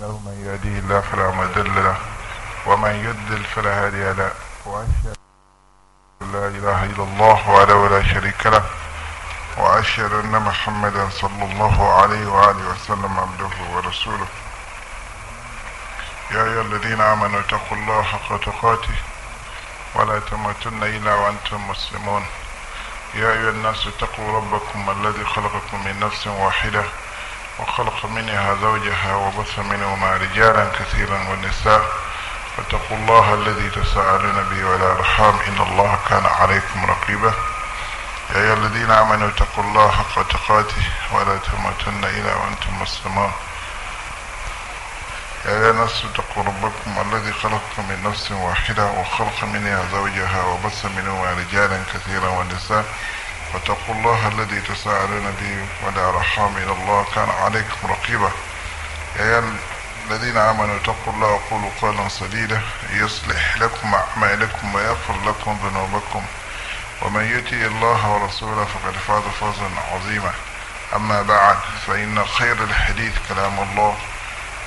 له من يهديه الله فلا مضل له ومن يضلل فلا هادي له واشهد ان لا اله الا الله وحده لا شريك له واشهد ان محمدا صلى الله عليه واله وسلم عبده ورسوله يا ايها الذين امنوا اتقوا الله حق تقاته ولا تموتن الا وانتم مسلمون يا ايها الناس اتقوا ربكم الذي خلقكم من نفس واحده وخلق منها زوجها وبث منهما رجالا كثيرا ونساء واتقوا الله الذي تساءلون به والارحام إن الله كان عليكم رقيبا يا أيها الذين آمنوا اتقوا الله حق تقاته ولا تموتن إلا وأنتم مسلمون يا أيها الناس اتقوا ربكم الذي خلقكم من نفس واحدة وخلق منها زوجها وبث منهما رجالا كثيرا ونساء واتقوا الله الذي تساءلون به ولا رحام إلى الله كان عليكم رقيبا يا الذين آمنوا اتقوا الله وقولوا قولا سديدا يصلح لكم أعمالكم ويغفر لكم ذنوبكم ومن يؤتي الله ورسوله فقد فاز فوزا عظيما أما بعد فإن خير الحديث كلام الله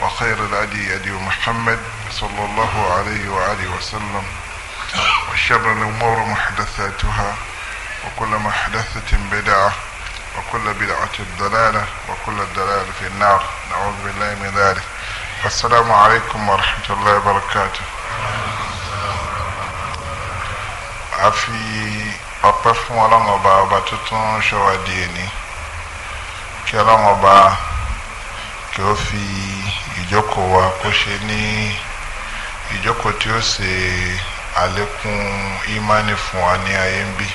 وخير الأدي أدي محمد صلى الله عليه وآله وسلم وشر الأمور محدثاتها وكل محدثة بدعة وكل بدعة ضلالة وكل الضلالة في النار نعوذ بالله من ذلك السلام عليكم ورحمة الله وبركاته àfi ọpẹ́ fún ọlọ́run ọba ọba tuntun ṣọwádìí ẹni kí ọlọ́run ọba kí ó fi ìjókòó wa kó ṣe ní ìjókòó tí ó ṣe àlékún ìmánì fún wa ní ayé ń bíi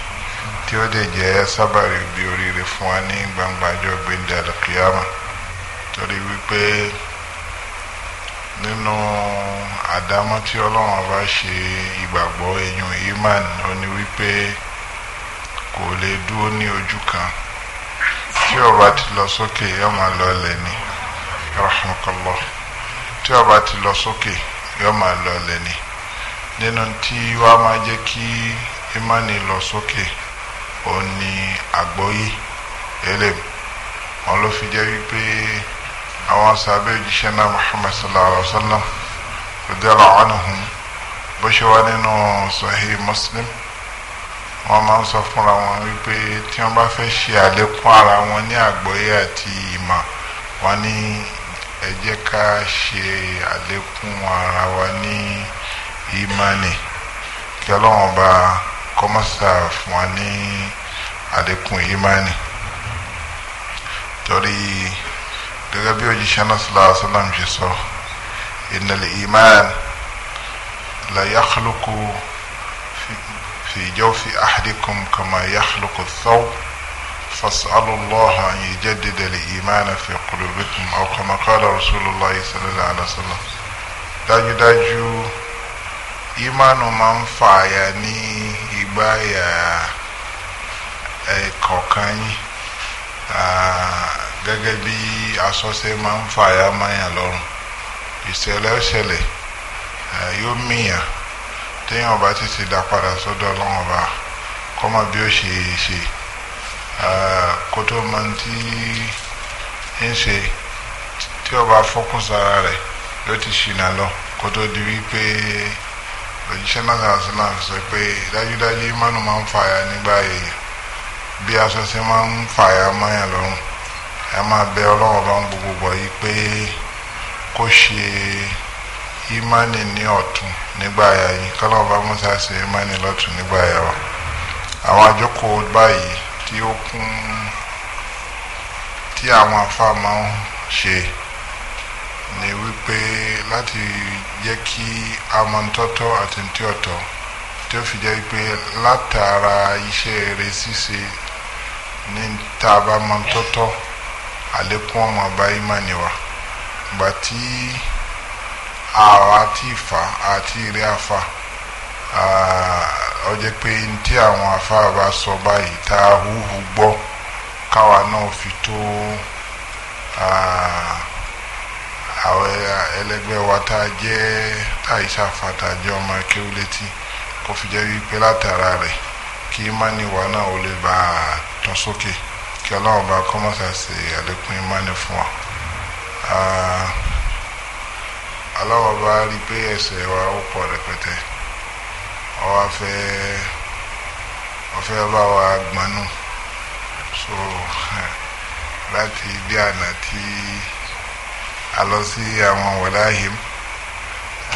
tí ó dẹ̀ jẹ́ sábàrí bí oríire fún wa ní gbangbajọ́ gbẹ̀ndẹ̀ àlùkìyàmà torí wípé nínú àdámọ́ tí ọlọ́run ọba ṣe ìgbàgbọ́ ẹ̀yìn iman ó ní wípé kò lè dúró ní ojú kan tí ọba ti lọ sókè yóò máa lọ lẹ̀ ní rahmakallah tí ọba ti lọ sókè yóò máa lọ lẹ̀ ní nínú tí wàá máa jẹ́ kí imani lọ sókè. Okay ó ní àgbọ́yé eléyìí wọn ló fi jẹ́ wípé àwọn sábẹ́ òjíṣẹ́ náà Muhammad sallallahu alayhi wa sallam radiyallahu anhum bó ṣe wá nínú Muslim wọ́n máa ń sọ fúnra wọn wípé tí wọ́n bá fẹ́ ṣe àlékún ara wọn ní àgbọ́yé àti ìmọ̀ wọn ní ẹ jẹ́ ká ṣe àlékún ara wa ní ìmánì kí ọlọ́run bá a kọ́mọ́sà fún wa ní àdékùn ìmánì torí gẹ́gẹ́ bí òjíṣẹ́ náà sọ́lá sọ́lám ṣe sọ innal iman la yakhluqu fi jawfi ahadikum kama yakhluqu thaw فاسألوا الله أن يجدد الإيمان في قلوبكم أو كما قال رسول الله صلى الله عليه وسلم dájúdájú ìmánu máa ń fààyà ní gba ya ẹ̀kọ̀ọ̀kan yín gẹ́gẹ́ bí asọ́sẹ́ máa ń fa àyà máa yàn lọ́rùn ìṣẹ̀lẹ̀ ọ̀ṣẹ̀lẹ̀ yóò mìyàn téèyàn ọba títí da padà sọ́dọ̀ ọlọ́run ọba kọ́mọ bí ó ṣe ṣe kó tó mọ tí ń ṣe tí ọba fọ́kùn sára rẹ̀ ló ti ṣìnà lọ kó di wípé òjíṣẹ́ náà sàrásílà sọ pé dájúdájú ìmánu máa ń fàyà nígbà èèyàn bí aṣọ sí máa ń fàyà mọ́yàn lọ́rùn ẹ máa bẹ ọlọ́run lọ́run gbogbogbò yìí pé kó ṣe ìmánì ní ọ̀tún nígbà àyà yìí kọ́lọ́ bá musa ṣe ìmánì lọ́tún nígbà àyà wa àwọn àjókòó báyìí tí ó kún tí àwọn afá máa ń ṣe ni wípé láti jẹ́ kí amọ̀ntọ́tọ́ àti ntí ọ̀tọ̀ tí ó fi jẹ́ wípé látara iṣẹ́ rẹ̀ ṣíṣe ní taba mọ̀ntọ́tọ́ àlékún ọmọ ọba ìmánì wa ìgbà tí àwa àti ìfà àti ìrẹ́ àfà ó jẹ́ pé ntí àwọn àfà bá sọ báyìí tá a hùhù gbọ́ káwa náà fi tó. Uh, àwọn ẹlẹgbẹ́ wa tá a jẹ́ tá a ṣàfà tá a jẹ́ ọmọ akéwú létí kó fi jẹ́ wípé látara rẹ̀ kí mánì wa náà ó lè bá a tún sókè kí ọlọ́run bá kọ́mọ́sà ṣe àlékún ìmánì fún wa. aláwọ̀ bá rí i pé ẹsẹ̀ wa ó pọ̀ rẹpẹtẹ ọwọ́ afẹ́ ọfẹ́ bá wa gbanú so láti bí àná tí. Uh, a lọ sí àwọn wàláhìm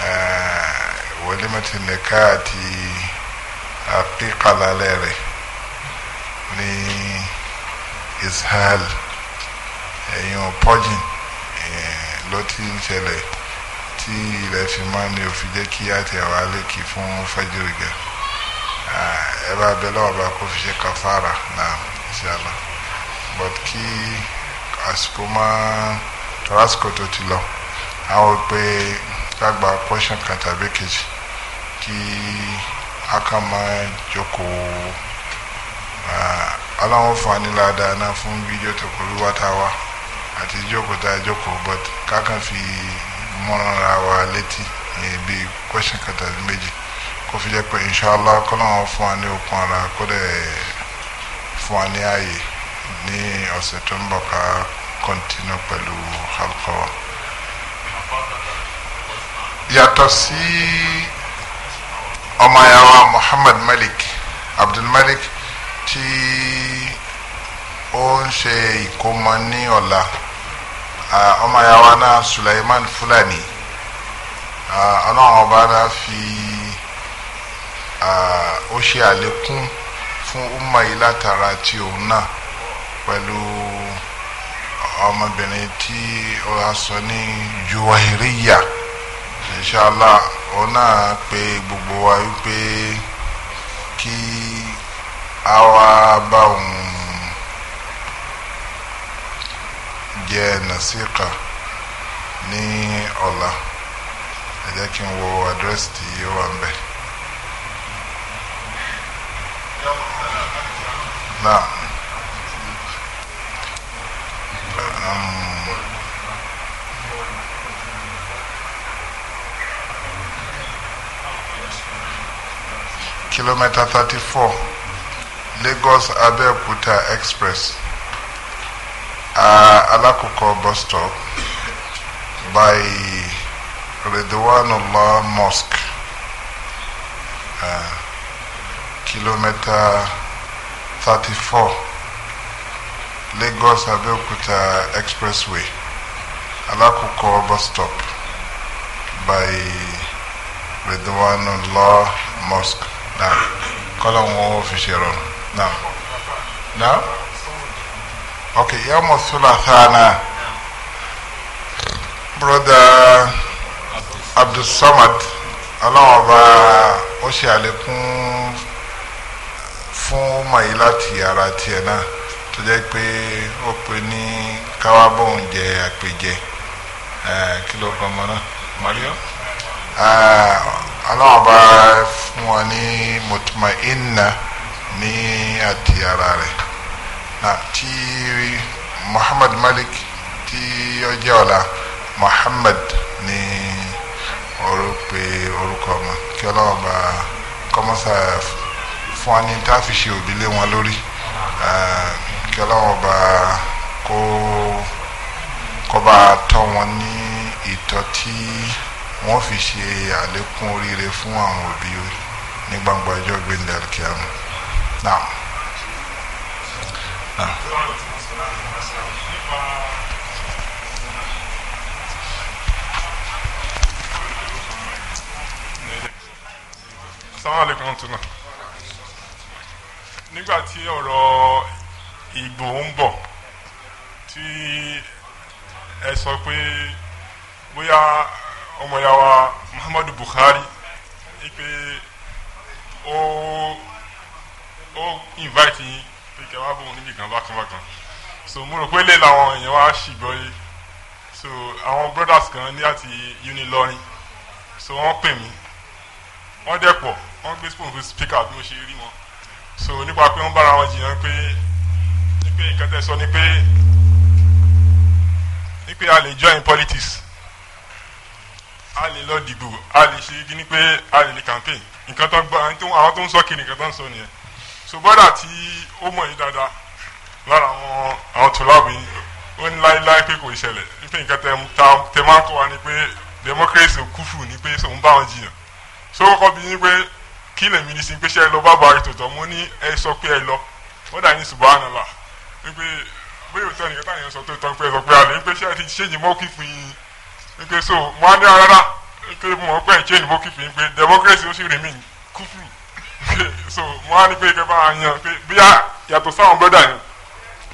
eh, wọlémẹ́tì nìka àti àpékalálẹ̀ rẹ̀ ní ishal ẹ̀yìn pọ́jìn eh, ló ti ń ṣẹlẹ̀ tí ilẹ̀ fi máa ní òfin jẹ́ kí àti àwọn àlékì fún fẹ́jìrì gẹ̀ eh, ẹ bá bẹ lọ́wọ́ bá kó fi ṣe kàfàrà náà inshallah but kí àsìkò máa tọ́lásìkò tó ti lọ àwọn pé gbàgbà pọ́ṣọ̀n kan tàbí kejì kí a kàn máa jókòó aláwọ̀ fani ládàá náà fún fídíò tó kọ́ wíwá tá a wá àti jókòó tá a jókòó but kákan fi mọ́ra wa létí bí pọ́ṣọ̀n kan tàbí méjì kó fi jẹ́ pé inṣàlá kọ́láwọ̀n fún wa ní okun ara kó dẹ̀ fún wa ní ààyè ní ọ̀sẹ̀ tó ń bọ̀ ká kọ́ntínú pẹ̀lú halqa wa. yàtọ̀ sí ọmọ ayáwa Muhammad Malik Abdul Malik tí ó ń ṣe ìkómọ ní ọ̀la ọmọ ayáwa náà Sulaiman Fulani ọlọ́run ọba náà fi ó ṣe àlékún fún umma yìí látara òun náà pẹ̀lú àwọn ọmọbìnrin tí ó wá sọ ní juwahiriya inshallah òun náà pé gbogbo wa wípé kí a wá bá òun jẹ nasika ní ọ̀la ẹ jẹ́ kí n wo àdírẹ́sì tí ó wà ń bẹ̀. náà. Kilometer thirty four Lagos Abeokuta express uh, alakoko bus stop by Redwanullah mosque uh, kilomita thirty four. Lagos Abeokuta expressway alakoko bus stop by Redwan Law mosque Na, kọ́lá wọn ò fi ṣe rọrùn náà náà ok yàmọ̀ sọ́lá sáà brother Abdulsamad ọlọ́wọ́n ọba ó ṣe àlékún fún mayila ti ara tiẹ̀ tó jẹ́ pé ó pe ní káwábọ̀n jẹ àpèjẹ kí ló gan mọ́ náà Mario aláwọ̀ bá fún wa ní mutmainna ní àti ara rẹ̀ tí Muhammad Malik tí ó ọ̀la Muhammad ní orúkọ orúkọ ọmọ kí ọlọ́wọ́ bá kọ́mọ́sà fún wa ní tá a fi ṣe òbí lé wọn lórí kí ọlọ́wọ́n bá kó kó bá tọ́ wọn ní ìtọ́ tí wọ́n fi ṣe àlékún oríire fún àwọn òbí ní gbangba ọjọ́ gbẹ̀ndẹ̀ kíámù náà. sáwọn àlekàn tó náà nígbà tí ọ̀rọ̀ ìgbò ń bọ̀ tí ẹ sọ pé bóyá ọmọ ya wa Muhammadu Buhari pé ó ó invite yín pé kí ẹ wá bóun níbi kan bákan bákan so mo rò pé lè làwọn èèyàn wá ṣìgbọ́ yìí so àwọn brothers kan ní àti Unilọrin so wọ́n pè mí wọ́n dẹ̀ pọ̀ wọ́n gbé spoon fún speaker bí mo ṣe rí wọn so nípa pé wọ́n bára wọn jiyàn pé ni pé nǹkan tẹ́ sọ ni pé ni pé a lè join politics a lè lọ dìbò a lè ṣe kíní pé a lè lè campaign nǹkan tó gbọ́ àwọn tó ń sọ kí nǹkan tó ń sọ nìyẹn so bọ́dà tí ó mọ̀ yìí dáadáa lára àwọn àwọn tòlábù yìí ó ní láéláé pé kò ṣẹlẹ̀ pé nǹkan tẹ máa kọ́ wa ni pé democracy ò kúfù ni pé sòun bá wọn jiyàn so kọ́kọ́ bí yín pé kí lèmi ní sin pé ṣe é lọ bá buhari tòótọ́ mo ní ẹ sọ pé ẹ lọ wọ́n dà ní subhanallah wípé bóyá òtítọ́ nìkan táyà ń sọ tó tán pé sọ pé àlè wípé ṣé ẹ ti ṣéyìn mọ́kì fún yín wípé so mo á ní ah, rárá wípé mo pẹ́ ṣéyìn mọ́kì fún yín pé democracy ó sì rí mi kúfù so mo á ní pé kẹ́ bá a yan pé bóyá yàtọ̀ sáwọn brọ́dà ni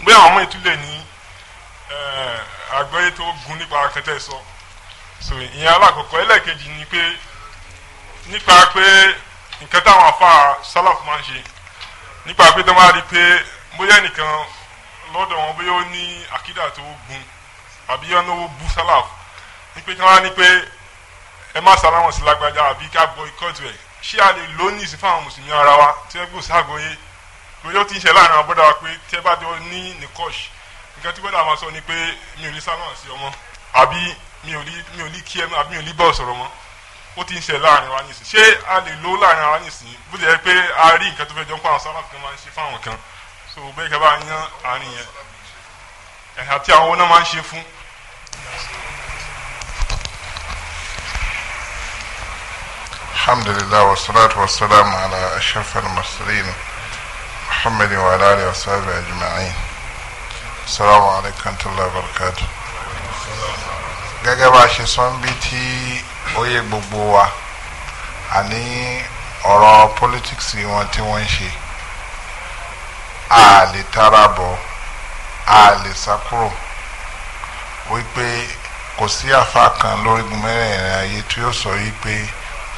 bóyá àwọn ọmọ ìtúlẹ̀ ní eh, àgbọ́yé tó gun nípa akẹ́tẹ́ sọ so ìyẹn alákọ̀ọ́kọ́ ẹlẹ́ẹ̀kejì ni pé nípa pé nǹkan táwọn afa sálàfù máa ń ṣe nípa pé tó máa rí i pé bóyá nìkan lọ́dọ̀ wọn bóyá ó ní àkídà tó gun àbí yẹn lówó bú sálàf ní pé kí wọ́n á ní pé ẹ má sàlámọ̀ sí lágbájá àbí ká gbọ́ ikọ́ tu ẹ̀ ṣé a lè lónìí sí fáwọn mùsùlùmí ara wa tí wọ́n gbọ́ sáàgóyé lóyún tí ń ṣe láàrin abọ́dá wa pé tẹ́ bá jọ ní nìkọ́ṣ nǹkan tí bọ́dà máa sọ ni pé mi ò ní sálàmọ̀ sí ọmọ àbí mi ò ní mi ò ní kí ẹ àbí mi ò ní bọ́ sọ̀rọ̀ mọ́ ó ti ń ṣe láàrin wa nísìn ṣé a lè lò láàrin wa nísìn bó so bẹ́ẹ̀ kẹ́ bá yan àárín yẹn ẹ̀hìn àti àwọn náà máa ń ṣe fún. alhamdulilayi wa salatu wa salam ala ashrafil mursalin muhammad wa ala alihi wa sahbihi ajma'in assalamu alaikum wa rahmatulahi wa barakatuh. gẹ́gẹ́ bá a ṣe sọ ń bí tí ó yẹ gbogbo wa àní ọ̀rọ̀ politics wọn tí wọ́n ń ṣe. a lè tara bọ̀ a lè sá kúrò wípé kò sí àfa kan lórí mẹ́rẹ̀ẹ̀rin ayé tí ó sọ wípé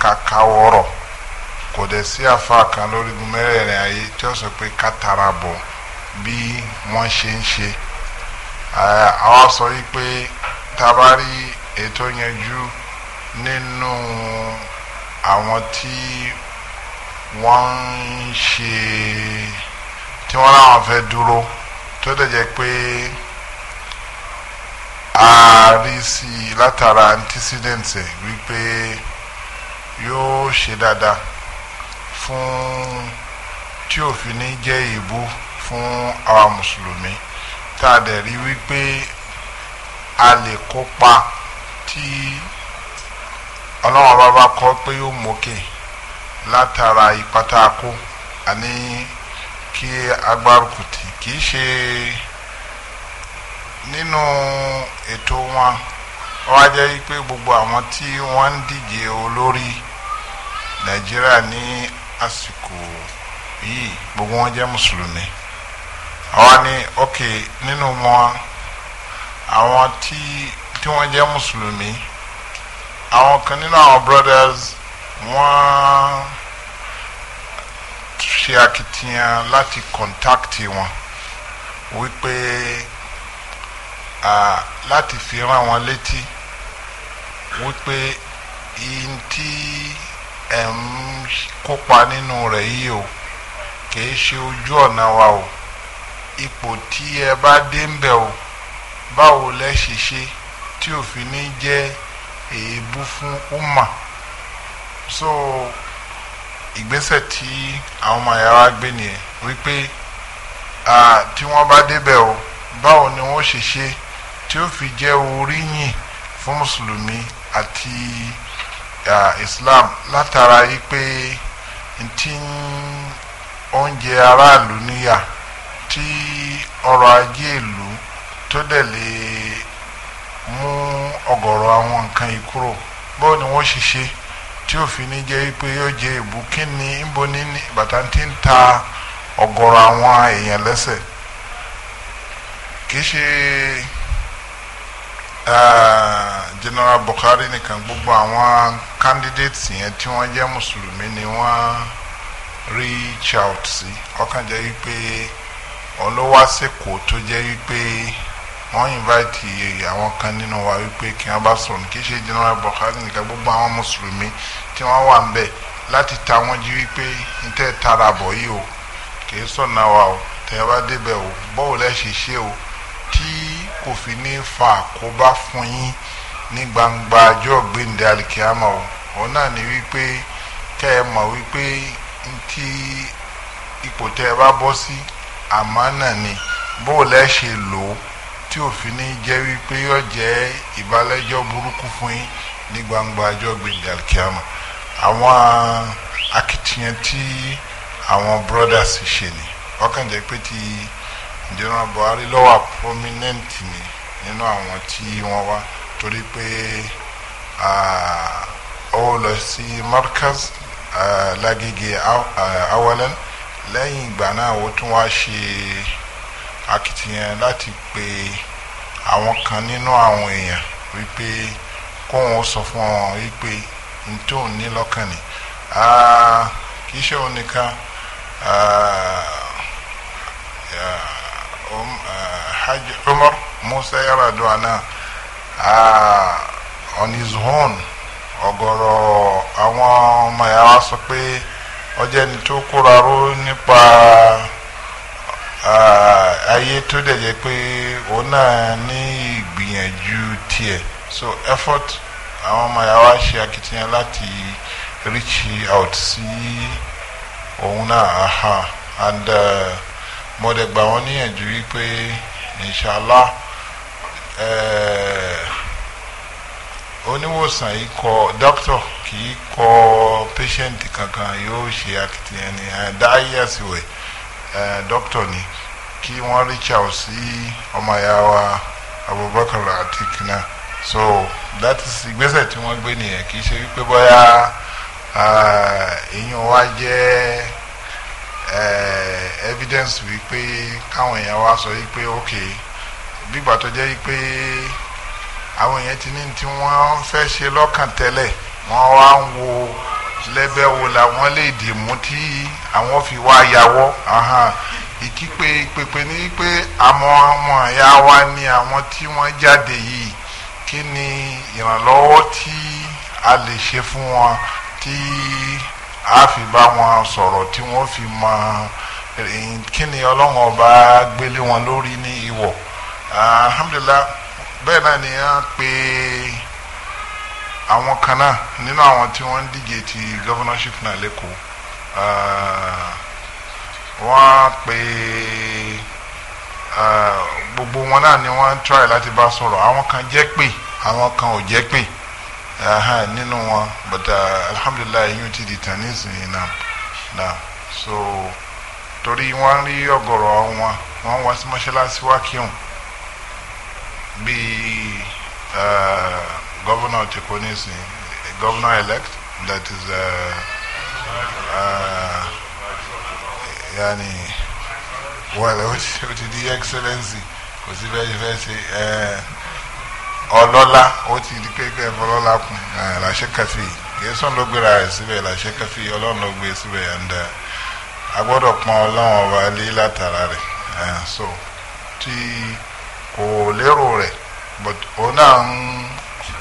kàkà wọ̀rọ̀ kò dẹ̀ sí àfa kan lórí mẹ́rẹ̀ẹ̀rin ayé tí ó sọ pé ká tara bọ̀ bí wọ́n ṣe ń ṣe àwa sọ wípé tabari ètò yanjú nínú àwọn tí wọ́n ń ṣe tí wọ́n láwọn fẹ́ dúró tó dẹ̀ jẹ́ pé ààrí sí i látara antecedent ẹ̀ wípé yóò ṣe dáadáa fún tí òfin ní jẹ́ ìbú fún àwa mùsùlùmí tá a dẹ̀ rí wípé a lè kópa tí ọlọ́run bá bá kọ́ pé yóò mókè látara ìpátákó àní kí agbárùkù tì kì í ṣe nínú ètò wọn wọ́n á jẹ́ pé gbogbo àwọn tí wọ́n ń díje olórí nàìjíríà ní àsìkò yìí gbogbo wọn jẹ́ mùsùlùmí àwọn ni ok nínú wọn àwọn tí tí wọ́n jẹ́ mùsùlùmí àwọn kan nínú àwọn brothers wọ́n. Wa ṣe akitiyan láti kọ̀ntáàkì wọn wípé láti fi rán wọn létí wípé ihun tí ẹ̀ ń kópa nínú rẹ̀ yìí o kìí ṣe ojú ọ̀nà wa o ipò tí ẹ bá dé ń bẹ̀ o báwo lẹ ṣe ṣe tí òfin ní jẹ́ èébú fún umma so ìgbésẹ̀ tí àwọn ọmọ ìyá wa gbé nìyẹn wípé tí wọ́n bá débẹ̀ o báwo ni wọ́n ṣe ṣe tí ó fi jẹ́ oríyìn fún mùsùlùmí àti Islam látara yìí pé ntí oúnjẹ aráàlú níyà tí ọrọ̀ ajé ìlú tó dẹ̀ lè mú ọ̀gọ̀rọ̀ àwọn nǹkan yìí kúrò báwo ni wọ́n ṣe ṣe. tí òfin ní jẹ́ pé ó jẹ ìbú kí ni níbo ní bàtà tí ń ta ọ̀gọ̀rọ̀ àwọn èèyàn lẹ́sẹ̀ kìí ṣe General Buhari nìkan gbogbo àwọn candidates yẹn tí wọ́n jẹ́ mùsùlùmí ni wọ́n reach out sí ọkàn jẹ́ wípé olówásẹ̀kọ̀ tó jẹ́ wípé. Si wọ́n invite àwọn kan nínú wa wípé kí wọ́n bá sọ̀rọ̀ kì í ṣe general Buhari nìkan gbogbo àwọn mùsùlùmí tí wọ́n wà ń bẹ̀ láti ta wọ́n jí wípé n tara bọ̀ yìí o kì í sọ̀nà wa o tẹ́ bá débẹ̀ o bọ́ọ̀ lẹ́ ṣe o tí kò fi ní fa àkóbá fún yín ní gbangba ọjọ́ gbẹ̀ndẹ̀ alikiyama o òun náà ni wípé kẹ́ ẹ mọ̀ wípé n ti ipò tẹ́ ẹ bá bọ́ sí àmánà ni bọ́ọ̀ lẹ́ lò ó tí òfin ní jẹ́ wípé yóò jẹ́ ìbálẹ́jọ́ burúkú fún yín ní gbangba ọjọ́ gbẹ̀ngàn kíámà àwọn akitiyan tí àwọn brothers ṣe ni ọkàn jẹ́ pé ti general Buhari lọ́wọ́ prominent ni nínú àwọn tí wọ́n wá torí pé ó lọ sí markaz lágége awalan lẹ́yìn ìgbà náà ó tún wá ṣe. akitiyan láti pe àwọn kan nínú àwọn èèyàn wípé kóun ó sọ fún wọn wípé n tó ń ní lọ́kàn ni kì í ṣe òun nìkan um, Umar Musa Yar'Adua náà on his own ọ̀gọ̀rọ̀ àwọn ọmọ ẹ̀ wá sọ pé ọjọ́ ẹni tó kóra ró nípa. Uh, ayé tó dẹ̀ jẹ́ pé òun náà ní ìgbìyànjú tiẹ̀ so effort àwọn ọmọ yà wá ṣe akitiyan láti reach out sí òun náà aha and uh, mo dẹ̀ gbà wọ́n níyànjú wípé inshallah uh, oníwòsàn yìí kọ doctor kì í kọ patient kankan yóò ṣe akitiyan ní dáyàsíwẹ̀ eh, doctor ni. Uh, kí wọ́n reach out sí ọmọ ìyá wa Abubakar Atikina so that is ìgbésẹ̀ tí wọ́n gbé nìyẹn kì í ṣe wípé bóyá ìyún wa jẹ́ evidence wípé káwọn èèyàn wa sọ wípé ok bígbà tó jẹ́ wípé àwọn èèyàn ti ní tí wọ́n fẹ́ ṣe lọ́kàn tẹ́lẹ̀ wọ́n wá ń wo lẹ́bẹ̀ wo làwọn lè dì tí àwọn fi wá yàwọ́ ìkípe ìpèpè ní pé àwọn ọmọ ìyá wa ni àwọn tí wọ́n jáde yìí kí ni ìrànlọ́wọ́ tí a lè ṣe fún wọn tí a fi bá wọn sọ̀rọ̀ tí wọ́n fi mọ kí ni ọlọ́run ọba gbélé wọn lórí ní ìwọ̀ alhamdulilah bẹ́ẹ̀ náà ni a pè àwọn kan náà nínú àwọn tí wọ́n ń díje ti governorship náà lẹ́kọ̀ọ́. Uh, wọ́n pe gbogbo wọn náà ni wọ́n try láti bá sọ̀rọ̀ àwọn kan jẹ́ pé àwọn kan ò jẹ́ pé nínú wọn but uh, alhamdulilayi yóò ti di tàn nísìnyí náà so torí wọ́n rí ọ̀gọ̀rọ̀ wọn wọ́n wá sí mọ́ṣáláṣí wá kírun bíi gọ́vùnà ti kó nísìnyí gọ́vùnà elect that is. Uh, uh, yani wala ó ti di excellency kò sí bẹ́ẹ̀ fẹ́ ṣe ọlọ́lá ó ti di pẹ́ẹ́pẹ́ ọlọ́lá kun ló ló pọn ọba so ti kò lérò but òun na ń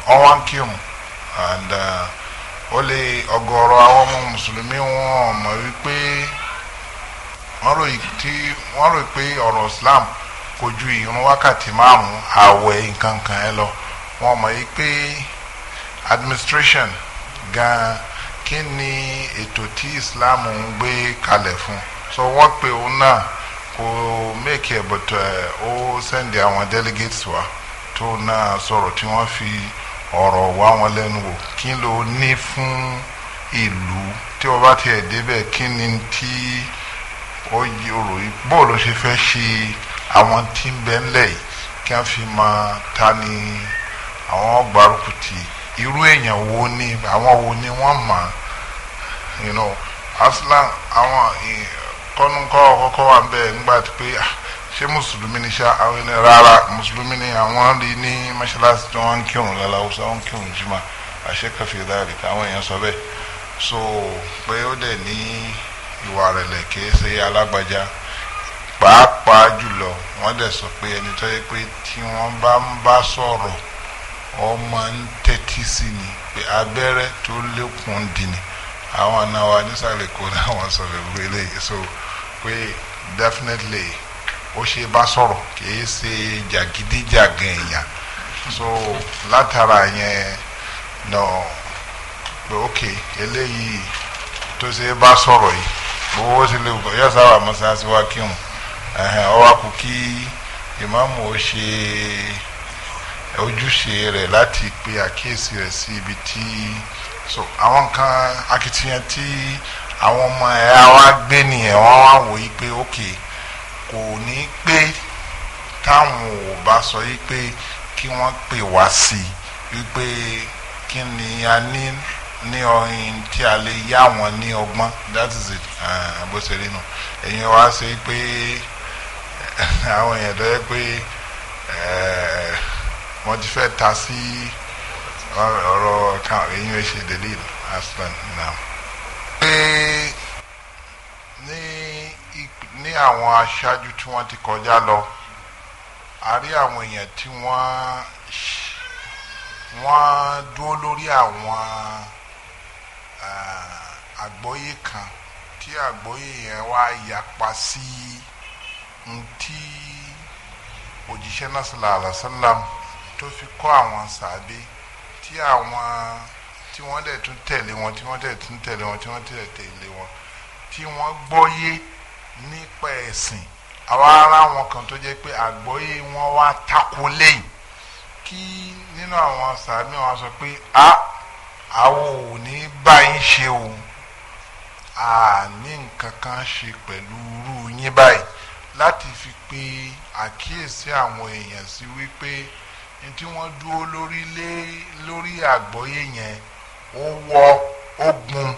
ọwọ́n kírun eh, ó lè ọ̀gọ̀rọ̀ àwọn ọmọ mùsùlùmí wọn mọ̀ wọ́n ròyìn tí wọ́n ròyìn pé ọ̀rọ̀ Islam kò ju ìrun wákàtí márùn-ún àwẹ̀ nǹkan ẹ lọ wọ́n mọ̀ yìí pé administration gan kí ni ètò tí Islam ń gbé kalẹ̀ fún so wọ́n pe òun náà kò make it but uh, ó send àwọn delegates wa tó náà sọ̀rọ̀ tí wọ́n fi ọ̀rọ̀ wá wọn lẹ́nu wò kí ló ní fún ìlú tí wọ́n bá tiẹ̀ débẹ̀ kí ni tí. Ti ó yí ọ̀rọ̀ ṣe fẹ́ ṣe àwọn tí ń bẹ ńlẹ̀ yìí kí wọ́n fi mọ ta ni àwọn gbárùkù tì irú èèyàn wo ni àwọn wo ni wọ́n mọ̀ you aslan àwọn kọ́nùkọ́ kọ́kọ́ wà bẹ́ẹ̀ nígbà tí pé ah, ṣé mùsùlùmí ni ṣá àwọn ẹni rárá mùsùlùmí ni àwọn rí ní mọ́ṣáláṣí tí wọ́n ń kírun lọ́la ọ̀sán wọ́n ń kírun jimá àṣẹ kàfíńdà rẹ̀ káwọn èèyàn sọ bẹ́ẹ̀ so pé ó dẹ̀ ní. ìwà rẹ̀lẹ̀ kìí ṣe alágbájá pàápàá jùlọ wọ́n dẹ̀ sọ pé ẹni tó yẹ pé tí wọ́n bá ń bá sọ̀rọ̀ ọmọ ń tẹ́tí sí ni pé abẹ́rẹ́ tó lékun dì ní àwọn àna wa nísàlẹ̀ kó so pé definitely ó ṣe bá sọ̀rọ̀ kìí ṣe èèyàn so látara yẹn náà pé ok eléyìí tó ṣe bá sọ̀rọ̀ gbowó sí lè kọ yọsà wà mọ́sáàsì wá kírun ọwọ́ kù kí ìmáàmù ó ṣe ojúṣe rẹ̀ láti pe àkíyèsí rẹ̀ sí ibi tí so àwọn kan akitiyan tí àwọn ọmọ ẹ̀yà wa gbé nìyẹn wọ́n wá wò yí pé ókè kò ní pé táwọn ò bá sọ yí pé kí wọ́n pè wá sí i wípé kí ni a ní ní ọyìn tí a lè yá wọn ní ọgbọ́n that is it eh, bó ṣe rí nu ẹ̀yin wá ṣe pé àwọn èèyàn tó yẹ pé eh, wọ́n ti fẹ́ ta sí ọ̀rọ̀ kan ẹ̀yin ẹ̀ ṣe delil aslan now. pé ní ní àwọn aṣáájú tí wọ́n ti kọjá lọ a rí àwọn èèyàn tí wọ́n wọ́n dúró lórí àwọn. Eh, àgbọ́yé kan tí àgbọ́yé yẹn wá yapa sí ntí òjíṣẹ́ náà sọ̀rọ̀ àlàsálà tó fi kọ́ àwọn sàbí tí àwọn tí wọ́n dẹ̀ tún tẹ̀lé wọn tí wọ́n dẹ̀ tún tẹ̀lé wọn tí wọ́n dẹ̀ tẹ̀lé wọn tí wọ́n gbọ́yé nípa ẹ̀sìn àwọn ará wọn kan tó jẹ́ pé àgbọ́yé wọn wá tako lẹ́yìn kí nínú àwọn sàbí wọn sọ pé a. Ah, àwọn ò ní bá yín ṣe o àní nǹkan kan ṣe pẹ̀lú irú yín báyìí láti fi pe àkíyèsí àwọn èèyàn sí wípé ní tí wọ́n dúró lórí lé lórí àgbọ́yé yẹn ó wọ ó gun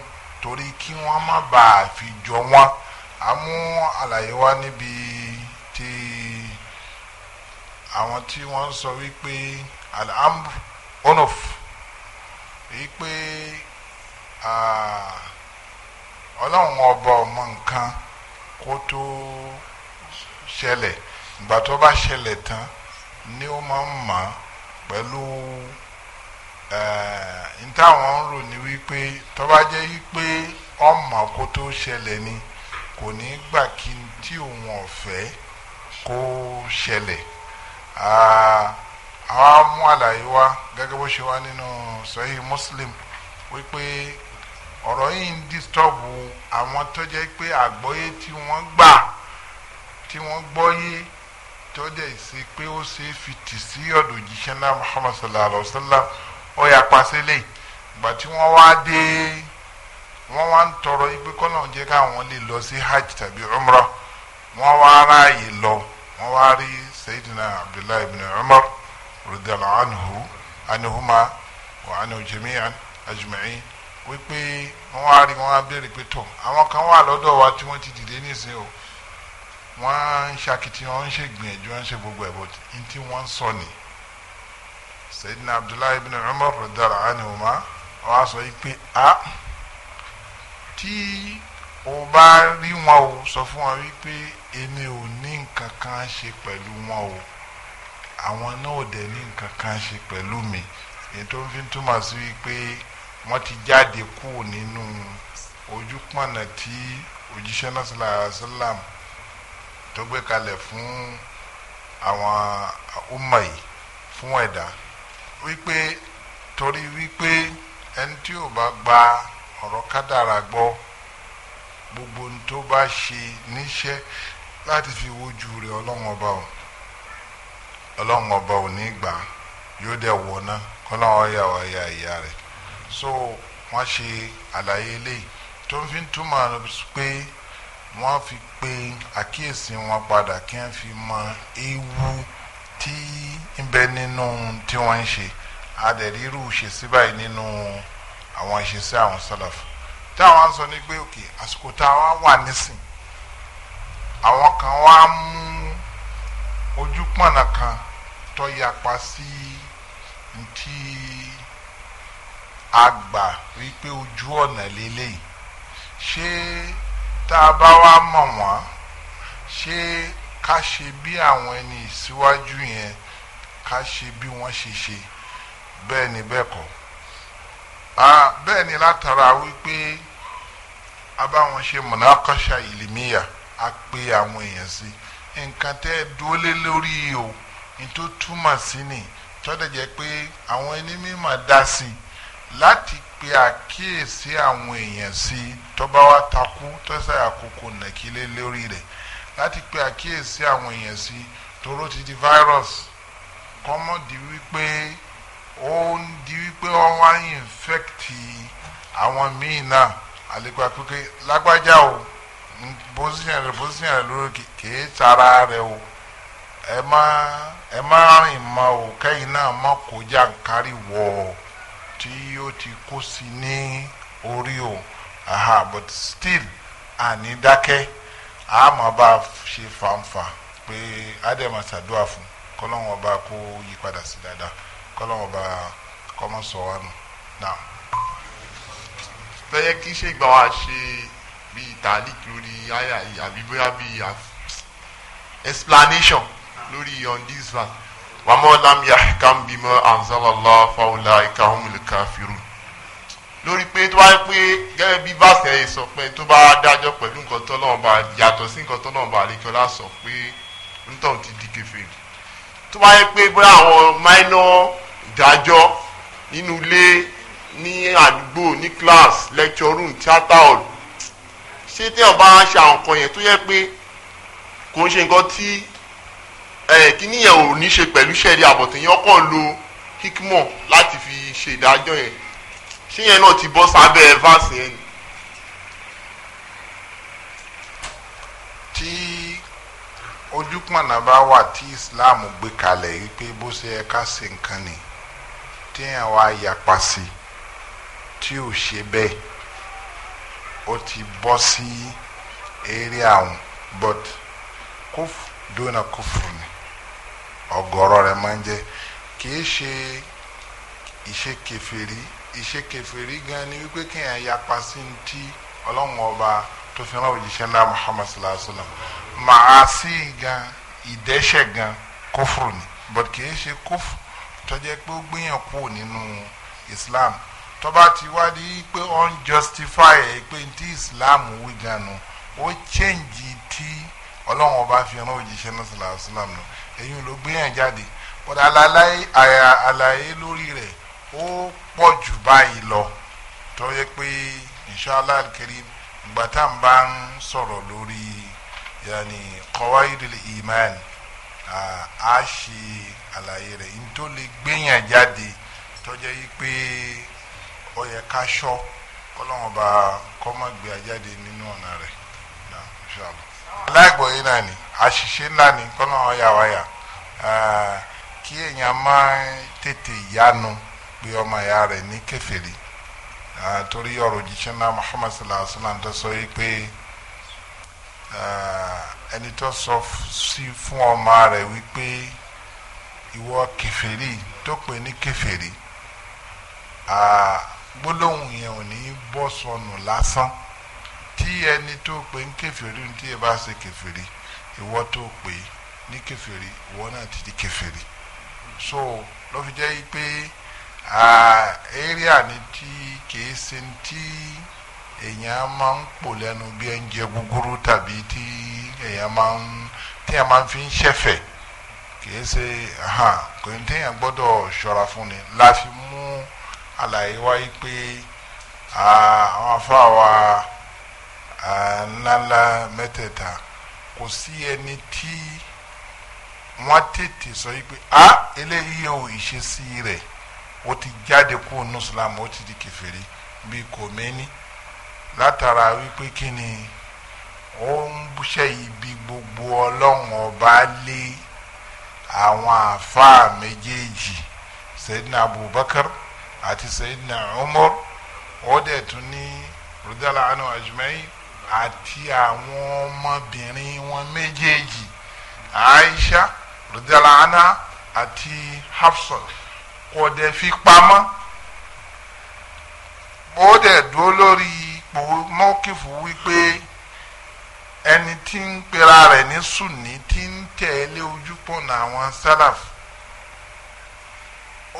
torí kí wọ́n má bàa fi jọ wọ́n a mú àlàyé wá níbi tí àwọn tí wọ́n sọ wípé alhamdu onof wípé ọlọ́run ọba ọmọ nǹkan kó tó ṣẹlẹ̀ ìgbà tó bá ṣẹlẹ̀ tán ni ó máa ń mọ̀ pẹ̀lú n táwọn ń rò ní wípé tó bá jẹ́ wípé ọmọ kó tó ṣẹlẹ̀ ni kò ní gbà kí n tí òun ọ̀fẹ́ kó ṣẹlẹ̀. Uh, àwa mú àlàyé wa gẹ́gẹ́ bó ṣe wá nínú sahih muslim wípé ọ̀rọ̀ yìí ń distọ́bù àwọn tó jẹ́ pé àgbọ́yé tí wọ́n gbà tí wọ́n gbọ́yé tó dẹ̀ sí pé ó ṣe é fi tì sí ọ̀dọ̀ òjíṣẹ́ náà muhammad sallallahu alayhi wa sallam ó yà pàṣẹ lẹ́yìn ìgbà tí wọ́n wá dé wọ́n wá ń tọrọ ibi kọ́nà jẹ́ káwọn lè lọ sí hajj tàbí umrah wọ́n wá ráàyè lọ wọ́n wá rí sayyidina abdullahi ibn umar. رضي الله عنه عنهما وعنه جميعا أجمعين wípé wọn wá rí wọn á béèrè pé tọ àwọn kan wà lọ́dọ̀ wa tí wọn ti dìde nísìnyí o wọn ń ṣàkitiyan wọn ń ṣe gbìyànjú wọn ń ṣe gbogbo ẹ̀ bọ ní tí wọn ń sọ ni Sayyidina Abdullahi ibn Umar radiyallahu anhuma wọn sọ yìí a tí o bá rí wọn o sọ fún wọn wípé èmi ò ní nǹkan kan ṣe pẹ̀lú wọn o àwọn náà ò dẹ̀ ní nǹkan kan ṣe pẹ̀lú mi èyí tó ń fi túmọ̀ sí wípé wọ́n ti jáde kúrò nínú ojúpọ̀nà tí òjíṣẹ́ náà sallallahu alaihi tó gbé kalẹ̀ fún àwọn ọmọ yìí fún ẹ̀dá wípé torí wípé ẹni tí ò bá gba ọ̀rọ̀ kádàrà gbọ́ gbogbo ohun tó bá ṣe níṣẹ́ láti fi wojú rẹ̀ ọlọ́run ọba o. ọlọ́run ọba ò gbà yóò dẹ̀ wọ̀ná kọ́láwọ́ yà wá ya rẹ̀ so wọ́n ṣe àlàyé eléyìí tó ń fi túmọ̀ pé wọ́n fi pe àkíyèsí wọn padà kí wọ́n fi mọ ewu tí ń bẹ nínú tí wọ́n ń ṣe adẹ̀rírù ṣèṣì báyìí nínú àwọn ìṣesí àwọn táwọn sọ ni pé òkè àsìkò wà nísìn àwọn kan wá mú ojú tọ́yapa sí ntí àgbà wípé ojú ọ̀nà lélẹ́yìí ṣé tá a bá wá mọ̀ wọ́n ṣé ká ṣe bí àwọn ẹni ìsíwájú yẹn ká ṣe bí wọ́n ṣe ṣe bẹ́ẹ̀ ni bẹ́ẹ̀ kọ́ bẹ́ẹ̀ ni látara wípé a bá wọn ṣe mọ̀nàkọ́ṣà ìlímíyà a pé àwọn èèyàn sí nǹkan tẹ́ dúólé lórí o nítorí túmọ̀ sí ni tọ́lẹ̀ jẹ́ pé àwọn ẹni mímọ̀ dá sí i láti pe àkíyèsí àwọn èèyàn sí i tọ́ba wa takú tọ́sẹ̀ àkókò nàkílé lórí rẹ̀ láti pe àkíyèsí àwọn èèyàn sí toró ti di virus kọ́mọ́ di wípé ó ń di wípé wọ́n wá ń infect àwọn míì náà àlékún àpékè lágbájá o position rẹ̀ position rẹ̀ lórí kèé sara rẹ̀ o. ẹ má rìn mọ o kẹ́yìn náà má wọ tí yóò ti kó sí ní orí o aha but still àní dákẹ́ a máa bá ṣe fanfa pé adam àtàdúrà fún kọ́lọ́wọ́n bá kó yí padà sí dáadáa kọ́lọ́wọ́n bá kọ́mọ́ sọ wá nù náà. bẹ́ẹ̀ kí ṣe ìgbà ṣe bíi tàlíkì lórí lórí yọ̀ǹdísà wàmọ́ lam yahkam bima anzalallah fawla ikahumul kafirun lórí pé tó bá yẹ pé gẹ́gẹ́ bí bàṣẹ yìí sọ pé tó bá dájọ́ pẹ̀lú nǹkan tọ́lọ́run bá yàtọ̀ sí nǹkan tọ́lọ́run bá àlekọ́lá sọ pé nítorí ti di kèfèrí tó bá yẹ pé bóyá àwọn minor ìdájọ́ nínú ilé ní àdúgbò ní class lecture room theatre hall ṣé tí ọba ṣe àwọn nǹkan yẹn tó yẹ pé kò ń ṣe nǹkan tí ẹ kíní yẹn ò ní ṣe pẹ̀lú sẹ́ẹ̀rí àbọ̀tẹ̀yìn ọkàn lo hikmọ̀ láti fi ṣe ìdájọ́ yẹn ṣé yẹn náà ti bọ́ sábẹ́ verse yẹn ni. tí ojúpọ̀nà bá wà tí Islam gbé kalẹ̀ yìí pé bó ṣe yẹ ká ṣe nǹkan ni tí yẹn wá yapa sí tí ò ṣe bẹ́ẹ̀ ó ti bọ́ sí eré àwọn but kófù dóná kófù ni ọ̀gọ̀rọ̀ rẹ̀ máa ń jẹ́ kìí ṣe iṣẹ́ kèfèrí iṣẹ́ kèfèrí gan ni wípé kéèyàn yapa sí ní ti ọlọ́run ọba tó fi ràn òjíṣẹ́ ńlá muhammad sallallahu alayhi wa sallam màá sí gan ìdẹ́ṣẹ̀ gan kófùrù ni but kìí ṣe kófù tó jẹ́ pé ó gbéyàn kú nínú islam tó bá ti wá di pé unjustify ẹ̀ pé ti islam wí gan ó change ti ọlọ́run ọba fi ràn òjíṣẹ́ ńlá sallallahu alayhi wa sallam nù èyí ló gbé yàn jáde bọ́dà àlàyé lórí rẹ̀ ó pọ̀ jù báyìí lọ tó yẹ pé inshallah al-karim ìgbà tá n bá ń sọ̀rọ̀ lórí yàní qawaidul iman a ṣe àlàyé rẹ̀ n tó lè gbé yàn jáde tó jẹ́ pé ó yẹ ká ṣọ́ kọ́lọ́wọ́n kọ́ mọ́ gbé a jáde nínú ọ̀nà rẹ̀ inshallah. ala náà ni àṣìṣe ńlá ni kọ́nà ọ̀yà wáyà eh, kí èèyàn máa tètè yánu pé ọmọ ìyá rẹ̀ ní kèfèrí eh, torí ọ̀rọ̀ òjíṣẹ́ náà Muhammad wa sallam tó sọ yìí pé eh, ẹni tó sọ sí fún ọmọ rẹ̀ wípé ìwọ kèfèrí tó pè ní kèfèrí ah, gbólóhùn tí ẹni tó pè ń kèfèrí ní tí ẹ bá ṣe kèfèrí ìwọ tó pè ní kèfèrí ìwọ náà ti di kèfèrí so ló fi jẹ́ pé area ni tí kìí ṣe tí èèyàn máa ń pò lẹ́nu bí ẹ ń jẹ gúgúrú tàbí tí èèyàn máa ń tí èèyàn máa ń fi ń ṣẹ̀fẹ̀ kìí ṣe kò ní téèyàn gbọ́dọ̀ ṣọ́ra fún ni la mú àlàyé wáyé pé àwọn afáwa. Uh, ńláńlá mẹ́tẹ̀ẹ̀ta kò sí ẹni tí wọ́n tètè sọ yìí pé a eléyìí ò ìṣesí rẹ̀ ó ti jáde kú nù Islam ti di kèfèrí bíi Khomeini látara wípé kí ni ó ń ṣe ibi gbogbo ọlọ́run ọba lé àwọn àáfàá méjèèjì Sayyidina Abubakar àti Sayyidina Umar ó dẹ̀ tún ní rudala anu ajma'i àti àwọn ọmọbìnrin wọn méjèèjì Aisha rudalana àti Hafsa kò dẹ̀ fi pamọ́ ó dẹ̀ dúró lórí ipò mọ́kìfù wípé ẹni tí ń pera rẹ̀ ní Sunni tí ń tẹ̀lé ojúpọ̀nà àwọn Salaf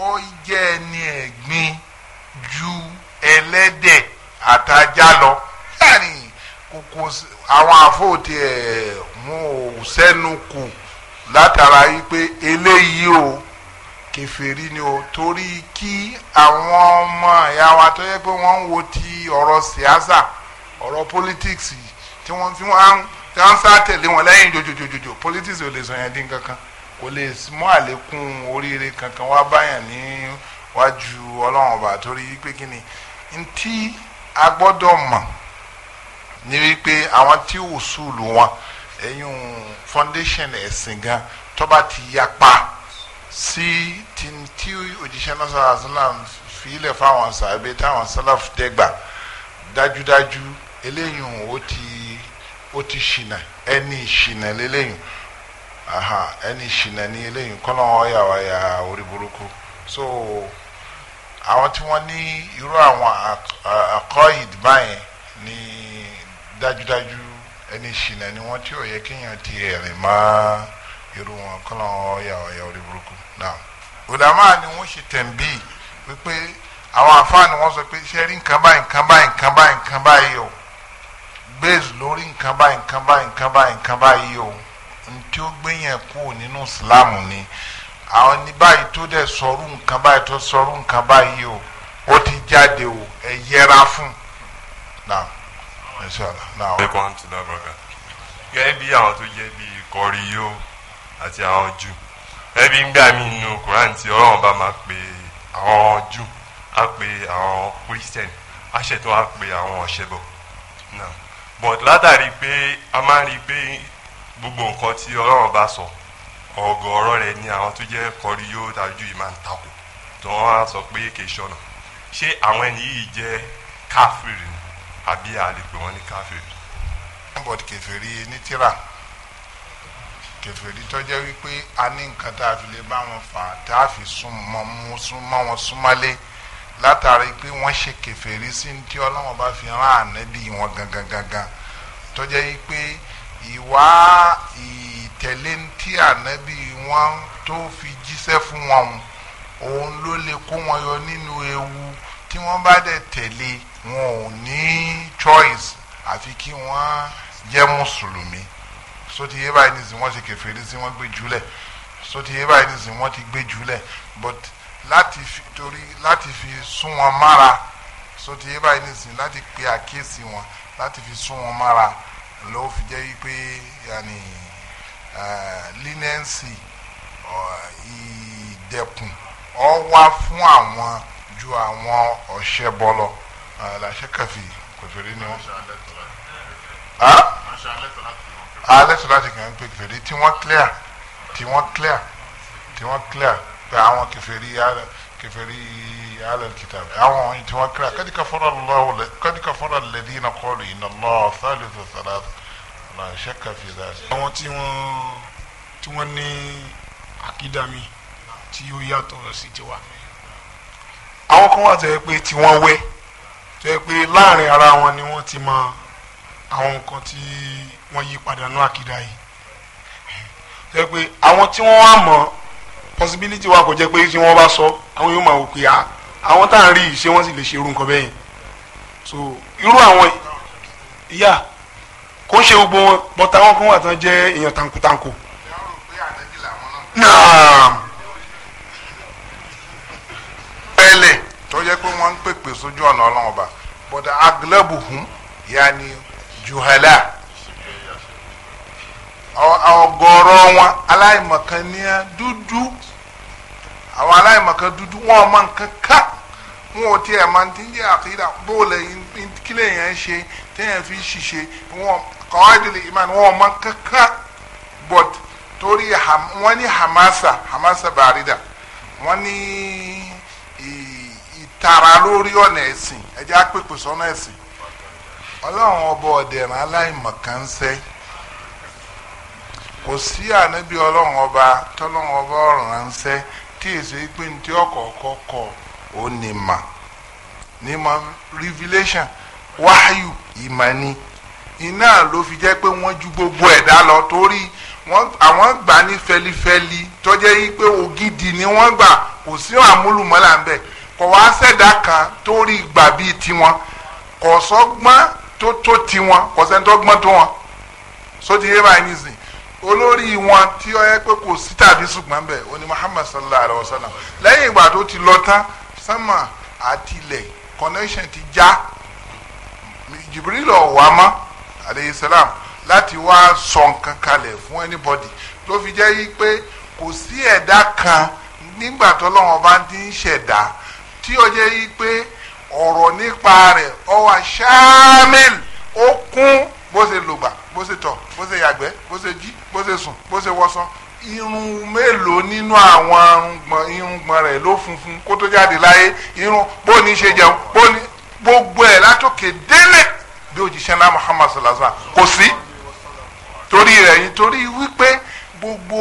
ó jẹ́ ẹni ẹ̀gbin ju ẹlẹ́dẹ̀ àtajá lọ kò àwọn àfọ̀tì ẹ̀ mú o sẹ́nu kù látara yìí pé eléyìí o ni o torí kí àwọn ọmọ ya wa tó yẹ pé wọ́n ń wo ti ọ̀rọ̀ siasa ọ̀rọ̀ politics tí wọ́n fi wọ́n tí wọ́n sá wọn lẹ́yìn jòjòjòjò politics ò lè sọ yẹn dín kankan kò lè mú àlékún oríire kankan wá báyàn ní wájú ọlọ́run ọba torí pé kí ni wípé àwọn tí ò sùúlù wọn ẹ̀yìn foundation ẹ̀sìn gan tó bá ti yapa sí ti tí òjíṣẹ́ náà sọ̀rọ̀ àṣìlám fìlẹ̀ fáwọn sàbẹ̀ táwọn sàlàf dẹ́gbà dájúdájú eléyìí ó ti ó ti ṣìnà ẹni ìṣìnà lélẹ́yìn ẹni ìṣìnà ní eléyìí kọ́nà ọ̀yà orí burúkú so àwọn tí wọ́n ní irú àwọn àkọ́ ìdìbà ní dájúdájú ẹni ṣìnà ni wọ́n tí ò yẹ kéèyàn ti ẹ̀rìn máa irú wọn kọ́nà ọ̀yà ọ̀yà orí burúkú náà. ulama ni wọ́n ṣe tẹ̀m̀bì wípé àwọn àfáà ni wọ́n sọ pé ṣe rí nǹkan báyìí nǹkan báyìí nǹkan báyìí nǹkan báyìí o base lórí nǹkan báyìí nǹkan báyìí nǹkan báyìí nǹkan báyìí o ntí ó gbẹ̀yìn kú nínú Islam ni àwọn ní báyìí tó dẹ̀ sọ̀rọ̀ nǹkan báyìí tó sọ̀rọ̀ nǹkan báyìí o ó ti jáde o ẹ yẹra fún náà inshallah now. ṣé kwan ti náà bọ̀gà gẹ́gẹ́ bí àwọn tó jẹ́ bí kọ́ríyó àti àwọn jù ẹbí ń gbà mí inú Quran tí ọlọ́run bá máa pe àwọn jù á but látàrí pé a máa ń rí i pé gbogbo nǹkan tí ọlọ́run bá sọ ọ̀gọ̀ọ̀rọ̀ rẹ̀ ni àwọn tó jẹ́ kọ́ríyó tàbí yìí máa ń takò tó wọ́n á sọ pé kì í ṣọ̀nà ṣé àwọn ẹni yìí àbí a lè pè wọ́n ní káfíìrì. bọ́dì kèfèrí ní tíra kèfèrí tó jẹ́ wípé a ní nǹkan tá a fi lè bá wọn fà á tá a fi súnmọ́ mú súnmọ́ wọn súnmọ́lé látàrí pé wọ́n ṣe kèfèrí sí ní tí Ọlọ́run bá fi rán ànábì wọn gangan gangan tó wípé ìwà ìtẹ̀lé tí ànábì wọn tó fi jíṣẹ́ fún wọn òun ló lè kó wọn yọ nínú ewu tí wọ́n bá dẹ̀ tẹ̀lé wọn ò ní choice àfi kí wọ́n jẹ́ mùsùlùmí sóti yé báyìí nìsín wọ́n ti kèfèrí sí wọ́n gbé jùlẹ̀ sóti yé báyìí nìsín wọ́n ti gbé jùlẹ̀ but láti fi torí láti fi sún wọn mára sóti yé báyìí nìsín láti pe àkíyèsí wọn láti fi sún wọn mára ló fi jẹ́ wípé yanni leniency ìdẹ̀kùn ọ wá fún àwọn ju àwọn ọ̀ṣẹ́ bọ́ lọ ah, làṣẹ kẹfì kẹfìrí ni wọ́n. alẹ́ tó láti kàn ń pè kẹfìrí tí wọ́n clear tí wọ́n clear tí wọ́n clear pé àwọn kẹfìrí kẹfìrí alẹ́ kìtàb àwọn tí wọ́n clear kadi kafara Allahu kadi kafara alladhina qalu inna Allaha thalithu thalatha làṣẹ kẹfì dáadáa. àwọn tí wọ́n tí wọ́n ní àkídà mi tí ó yàtọ̀ sí tiwa mi kan wà tó yẹ pé tí wọ́n wẹ́ tó yẹ pé láàrin ara wọn ni wọ́n ti mọ àwọn nǹkan tí wọ́n yí padà ní àkìdá yìí tó yẹ pé àwọn tí wọ́n wá mọ̀ possibility wa kò jẹ́ pé tí wọ́n bá sọ àwọn yóò máa wò pé àwọn tá à ń rí ìṣe wọ́n sì lè ṣe irú nǹkan bẹ́ẹ̀ so irú àwọn ìyá kò ń ṣe gbogbo wọn bọ́tà wọn kan wà tán jẹ́ èèyàn tankutanku. naam tó jẹ́ pé wọ́n ń pèpè sójú ọ̀nà ọlọ́run ọba but aglabuhum yaani juhala ọ̀gọ̀rọ̀ wọn aláìmọ̀kan ní dúdú àwọn aláìmọ̀kan dúdú wọn ọmọ nǹkan ká wọn ò tiẹ̀ máa ń ti ń jẹ́ àkídà bóòlù ẹ̀yìn kílẹ̀ yẹn ń ṣe téèyàn fi ṣiṣẹ́ wọn kọ́wádìí iman wọn ọmọ nǹkan ká but torí wọn ní hamasa hamasa bàrídà wọn ní. tara lórí ọ̀nà ẹ̀sìn ẹ̀jẹ̀ àpèpè sọ́nà ẹ̀sìn ọlọ́run ọba ọ̀dẹ̀ràn aláìmọ̀kánṣẹ́ kò sí ànábì ọlọ́run ọba tọ́lọ́run ọba ọ̀ràn ránṣẹ́ tí èso ìpè ní tí ọ̀kọ̀ọ̀kọ̀ kọ̀ ó ní mà revelation wáyù ìmọ̀ni iná ló fi jẹ́ pé wọ́n ju gbogbo ẹ̀dá lọ torí àwọn gbà ní fẹlifẹli tọ́jẹ́ yí pé ògidì ni wọ́n gbà kò sí ń kò wá sẹ́dá kan tó rí ìgbà bíi tiwọn kò sọ́gbọ́n tó tó tiwọn kò sẹ́ni tó gbọ́n tó wọn sóti yé báyìí nìsín olórí wọn tí ó yẹ pé kò sí tàbí ṣùgbọ́n bẹ́ẹ̀ ó ní Muhammad sallallahu alayhi wa sallam lẹ́yìn ìgbà tó ti lọ tán sánmà àti ilẹ̀ connection ti já Jibril ọ̀wá mọ́ aleyhi salam láti wá sọ nǹkan kalẹ̀ fún anybody ló fi jẹ́ yí pé kò sí ẹ̀dá kan nígbà tó lọ́wọ́ bá ti ń ṣẹ̀dá tí ó jẹ́ yí pé ọ̀rọ̀ nípa rẹ̀ ọwà ṣáàmìl ó kún bó ṣe lògbà bó ṣe tọ̀ bó ṣe yàgbẹ́ bó ṣe jí bó ṣe sùn bó ṣe wọṣọ irun mélòó nínú àwọn irungbọ̀n rẹ̀ ló funfun kó tó jáde láyé irun bó ní ṣe jẹun bó ní gbogbo ẹ̀ látòkè délé bí òjíṣẹ́ náà Muhammad salasa kò sí torí rẹ̀ yìí torí wípé gbogbo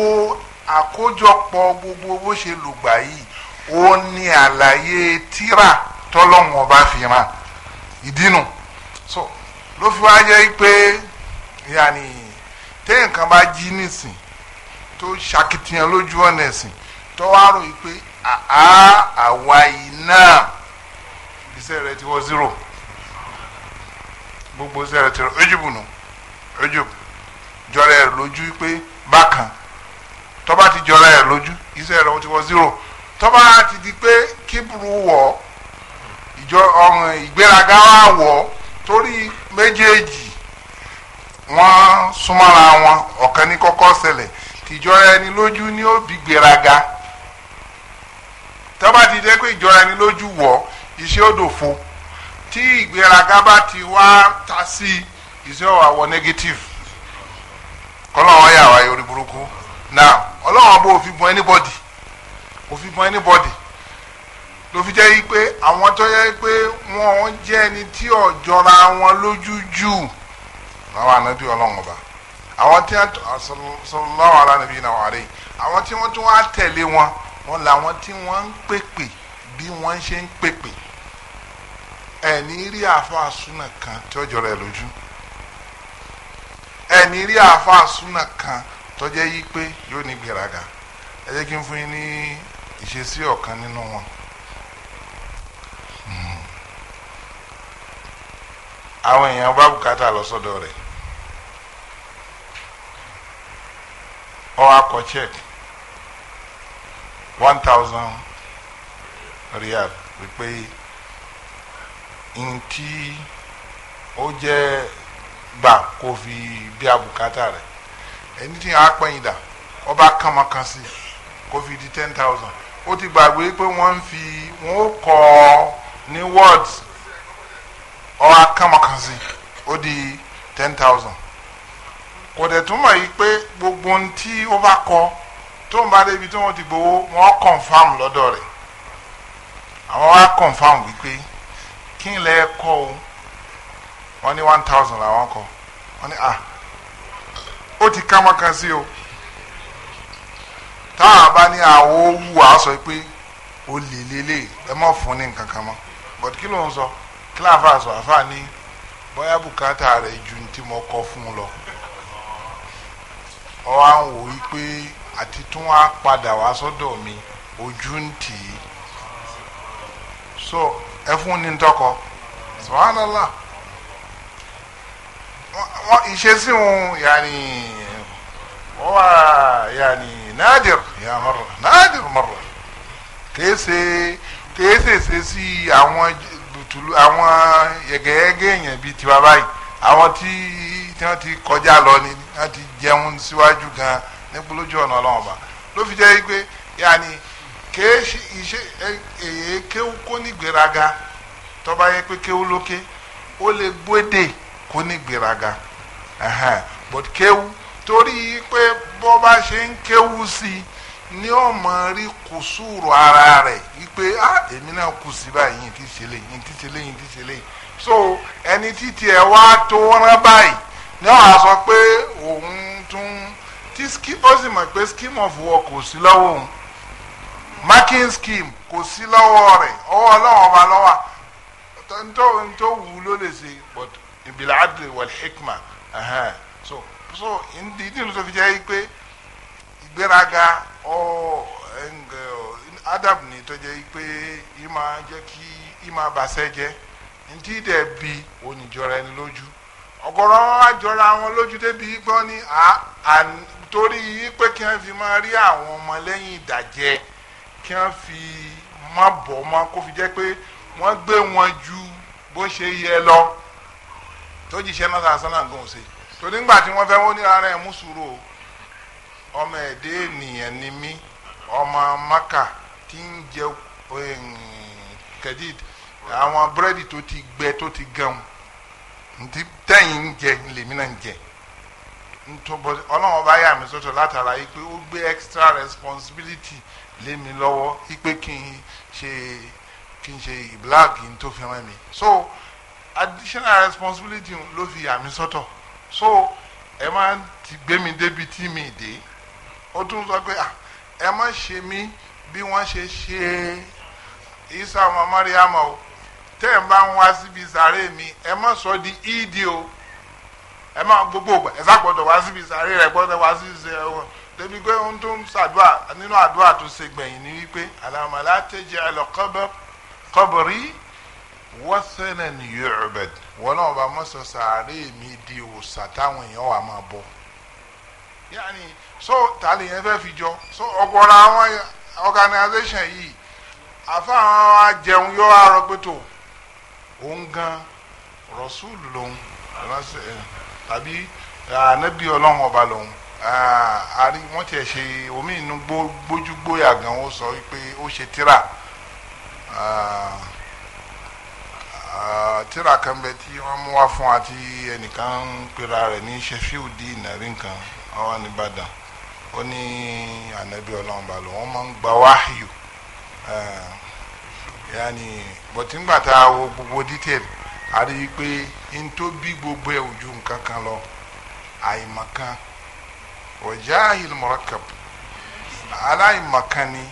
àkójọpọ̀ gbogbo bó ṣe lògbà yìí ó ní àlàyé tíra tọ́lọ́wọ́n bá fi hàn ìdínú so ló fi wá jẹ́ pé yàní téèyàn kan bá jí nísìn tó ṣàkitiyan lójú ọ̀nà ẹ̀sìn tó wá rò yìí pé àá àwa iná iṣẹ́ rẹ ti wọ́ zero gbogbo iṣẹ́ rẹ ti rọ ojúbù nù ojúbù jọra ẹ̀ lójú pé bákan tó bá ti jọra ẹ̀ lójú iṣẹ́ rẹ ti wọ́ zero tọ́ba ti di pé kíbrú wọ̀ ìjọ ọ̀rùn ìgbéraga wà wọ̀ torí méjèèjì wọ́n súnmọ́ra wọn ọ̀kan ní kọ́kọ́ ṣẹlẹ̀ tìjọra ẹni lójú ní ó bí gbéraga tọ́ba ti jẹ́ pé ìjọra ẹni lójú wọ̀ iṣẹ́ òdòfo tí ìgbéraga bá ti wá ta sí iṣẹ́ òwàwọ̀ negative kọ́lọ́wọ́ yà wá yorì burúkú now ọlọ́wọ́n bó fi bọ́ anybody kò fi mọ anybody ló fi jẹ́ pé àwọn tó yẹ pé wọ́n jẹ́ ẹni tí ò jọra wọn lójú jù láwọn ànábì ọlọ́run ọba àwọn tí ah, sallallahu ala nabiyina wa alayhi àwọn tí wọ́n tún wá tẹ̀lé wọn wọn làwọn tí wọ́n ń pèpè bí wọ́n ṣe ń pèpè ẹni rí àáfàá súnà kan tí ó jọra ẹ lójú ẹni rí àáfàá súnà kan tó jẹ́ yí pé yóò ní gbéraga ẹ jẹ́ kí n fún yín ní ìṣesí ọ̀kan nínú wọn. Hmm. àwọn èèyàn bá bùkátà lọ sọ́dọ̀ rẹ̀ ọ akọ check one thousand riyal wípé ntí ó jẹ́ gbà kó fi bí abùkátà rẹ̀ ẹni tí a pẹ́yìn dà ọba kànmọ́kàn sí kó fi di ten thousand ó ti gbàgbé pé wọ́n ń fi wọ́n ó kọ́ ọ ní words ọwọ́ akámọ̀kànsí ó di ten thousand kò dẹ̀ túmọ̀ yìí pé gbogbo ohun tí ó bá kọ tó ń bá débi tí wọ́n ti gbowó wọ́n confam lọ́dọ̀ rẹ̀ àwọn wá confam wípé kí n lè kọ́ o wọ́n ní one thousand làwọn kọ wọ́n ní ah ó ti kámọ̀kànsí o tá a bá ní àwọn owó àásọ pé ó lè lélẹ̀ ẹ mọ̀ fún ní nǹkan kan mọ́ but kí ló ń sọ kí láàfà sọ àfà ní bóyá bùkátà rẹ̀ ju tí mo kọ fún un lọ ọ wá ń wò wípé àti tún wá padà wá sọ́dọ̀ mi ojú ń tì í so ẹ fún ní tọkọ subhanallah wọn ìṣesí wọn yàní wọn wà yàní. nádìr yà mọ̀rọ̀ nádìr mọ̀rọ̀ kéésè kéésè awon àwọn awon yege yege yẹn bi tiwa báyìí awon ti tí ti kọjá lọ ni wọ́n ti jẹun síwájú gan nípa lójú ọ̀nà ọlọ́wọ́n ba ló fi jẹ́ pé yàní kéésì iṣẹ́ èyí kéwú kó ní gbéraga tọ́ba yẹ pé kéwú lókè ó lè gbóde kó ní gbéraga but kéwú. torí pé bó bá ṣe ń kéwu sí i ni ó mọ rí kùsùrù ara rẹ̀ wípé ah èmi náà kù sí báyìí yìí ti ṣe lè yìí ti ṣe lè yìí ti ṣe lè so ẹni títí ẹ wá tó rán báyìí ni ó wàá sọ pé òun tún tí ó sì mọ̀ pé scheme of work kò sí lọ́wọ́ òun marking scheme kò sí lọ́wọ́ rẹ̀ ọwọ́ ọlọ́wọ́ ọba lọ́wọ́ tó tó wù ú ló lè ṣe but ìbílẹ̀ adìrẹ̀ wal hikma so so ìdí ìdí tó fi jẹ́ pé ìgbéraga ọ adab ni tó jẹ́ ima ìmọ̀ jẹ́ kí ìmọ̀ àbàṣẹ jẹ́ ntí dẹ̀ bi oníjọra ẹni lójú ọ̀gọ̀rọ̀ àjọra wọn lójú débi gbọ́n ni torí pé kí wọ́n fi máa rí àwọn ọmọ lẹ́yìn ìdàjẹ́ kí wọ́n fi má bọ̀ mọ́ kó fi jẹ́ pé wọ́n gbé wọn ju bó ṣe yẹ lọ tó jíṣẹ́ náà sàn án gan-an ṣe torí ńgbà tí wọ́n fẹ́ wọ́n ní ara ẹ̀ mú ọmọ ẹ̀dẹ́ ènìyàn ni mí ọmọ maka tí ń jẹ kẹ́díd àwọn búrẹ́dì tó ti gbẹ tó ti gan ntí tẹ́yìn ń jẹ lèmi náà ń jẹ ntọ́bọ̀ ọlọ́run bá yà mí sọ́tọ̀ látara pé ó gbé extra responsibility lé mi lọ́wọ́ yìí pé kí n ṣe kí n ṣe ìbláàgì tó fi ràn mí so additional responsibility ló fi yà mí sọ́tọ̀. So, so ẹ má ti gbé mi débi tí mi dé ó tún sọ pé ẹ má ṣe mí bí wọ́n ṣe ṣe isa ọmọ mariam o tẹ́ ẹ̀ ń bá ń wá síbi sàárè mi ẹ má sọ di ìdí o ẹ má gbogbo ògbà ẹ ságbọ́dọ̀ wá síbi sàárè rẹ gbọ́dọ̀ wá síbi sàárè wọn débi pé ohun tó ń ṣàdúrà nínú àdúrà tó ṣe gbẹ̀yìn ni wípé àlàmàlà tẹ̀jẹ̀ ẹlọ́kọ́bọ̀rí wọ́sẹ̀nẹ̀n yu'bad wọn náà bá mọ̀ sọ sàárè mi di òòsà táwọn èèyàn wà máa bọ̀ yáàni so tàlẹ̀ yẹn fẹ́ fi jọ so ọ̀pọ̀lọpọ̀ àwọn organisation yìí àfáwọn ajẹun yóò wá rọ pé tó òun gan rọ́súlù lòun tàbí ànábì ọlọ́run ọba lòun àrí wọ́n tiẹ̀ ṣe omi inú gbójúgbóyà gan sọ wípé ó ṣe tíra. Uh, Ah, tíra kan bẹ tí wọ́n mú wá fún wa tí ẹnìkan ń pera rẹ̀ ní Sheffield ìnàrí nǹkan ọwọ́ nìbàdàn ó ní ànábì ọlọ́run bá lò wọ́n máa ń gba wáhìú eh, yanni bọ̀tí ńgbà tá a wo gbogbo detail a rí i pé n tó bí gbogbo ẹ̀ ojú nǹkan kan lọ àìmọ̀kan ọ̀já ìlmọ̀rọ̀kàp aláìmọ̀kan ni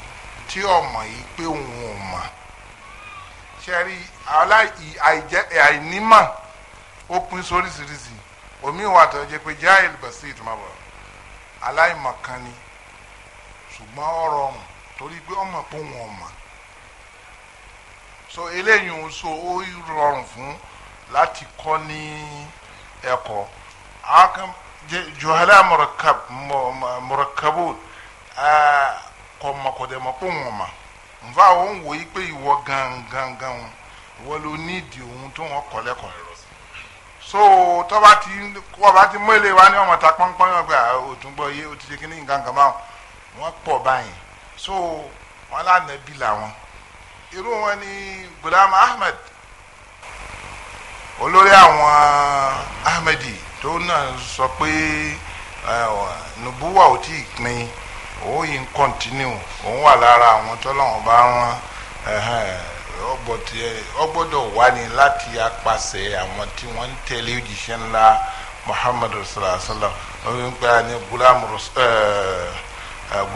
tí ọmọ yìí pé òun ò mọ̀ ṣe àìnímọ̀ ó pín sóríṣiríṣi omi ìwà tó jẹ́ pé jahil basit máa bọ̀ aláìmọ̀kan ṣùgbọ́n ọ̀rọ̀ ọ̀hún torí pé ọmọ tó wọn mọ̀ so eléyìí ń so ó rọrùn fún láti kọ́ ní ẹ̀kọ́ akam juhala murakab murakabu kọ̀mọ̀kọ̀dẹ̀mọ̀ pé wọn mọ̀ nfa òun wòye pé ìwọ gangan gan wọ́n ló nídìí ohun tó wọ́n kọ́ lẹ́kọ̀ọ́ so tọ́ba ti wọ́ba ti mú ilé wa ní ọmọ ta pọ́npọ́n yọ̀ pé òtúngbọ̀ yé o ti ṣe nǹkan kan wọ́n pọ̀ báyìí so wọ́n lànà bí làwọn irú wọn ni Gulam Ahmed olórí àwọn Ahmedi tó náà sọ pé nùbúwà ò tí ì pin òun yìí ń kọ́ntínú òun wà lára àwọn tọ́lọ́wọ́n bá wọn. ó gbọ́dọ̀ wá ní láti apàṣẹ àwọn tí wọ́n ń tẹ̀lé òjíṣẹ́ ńlá muhammad rasulillah wọ́n ń ní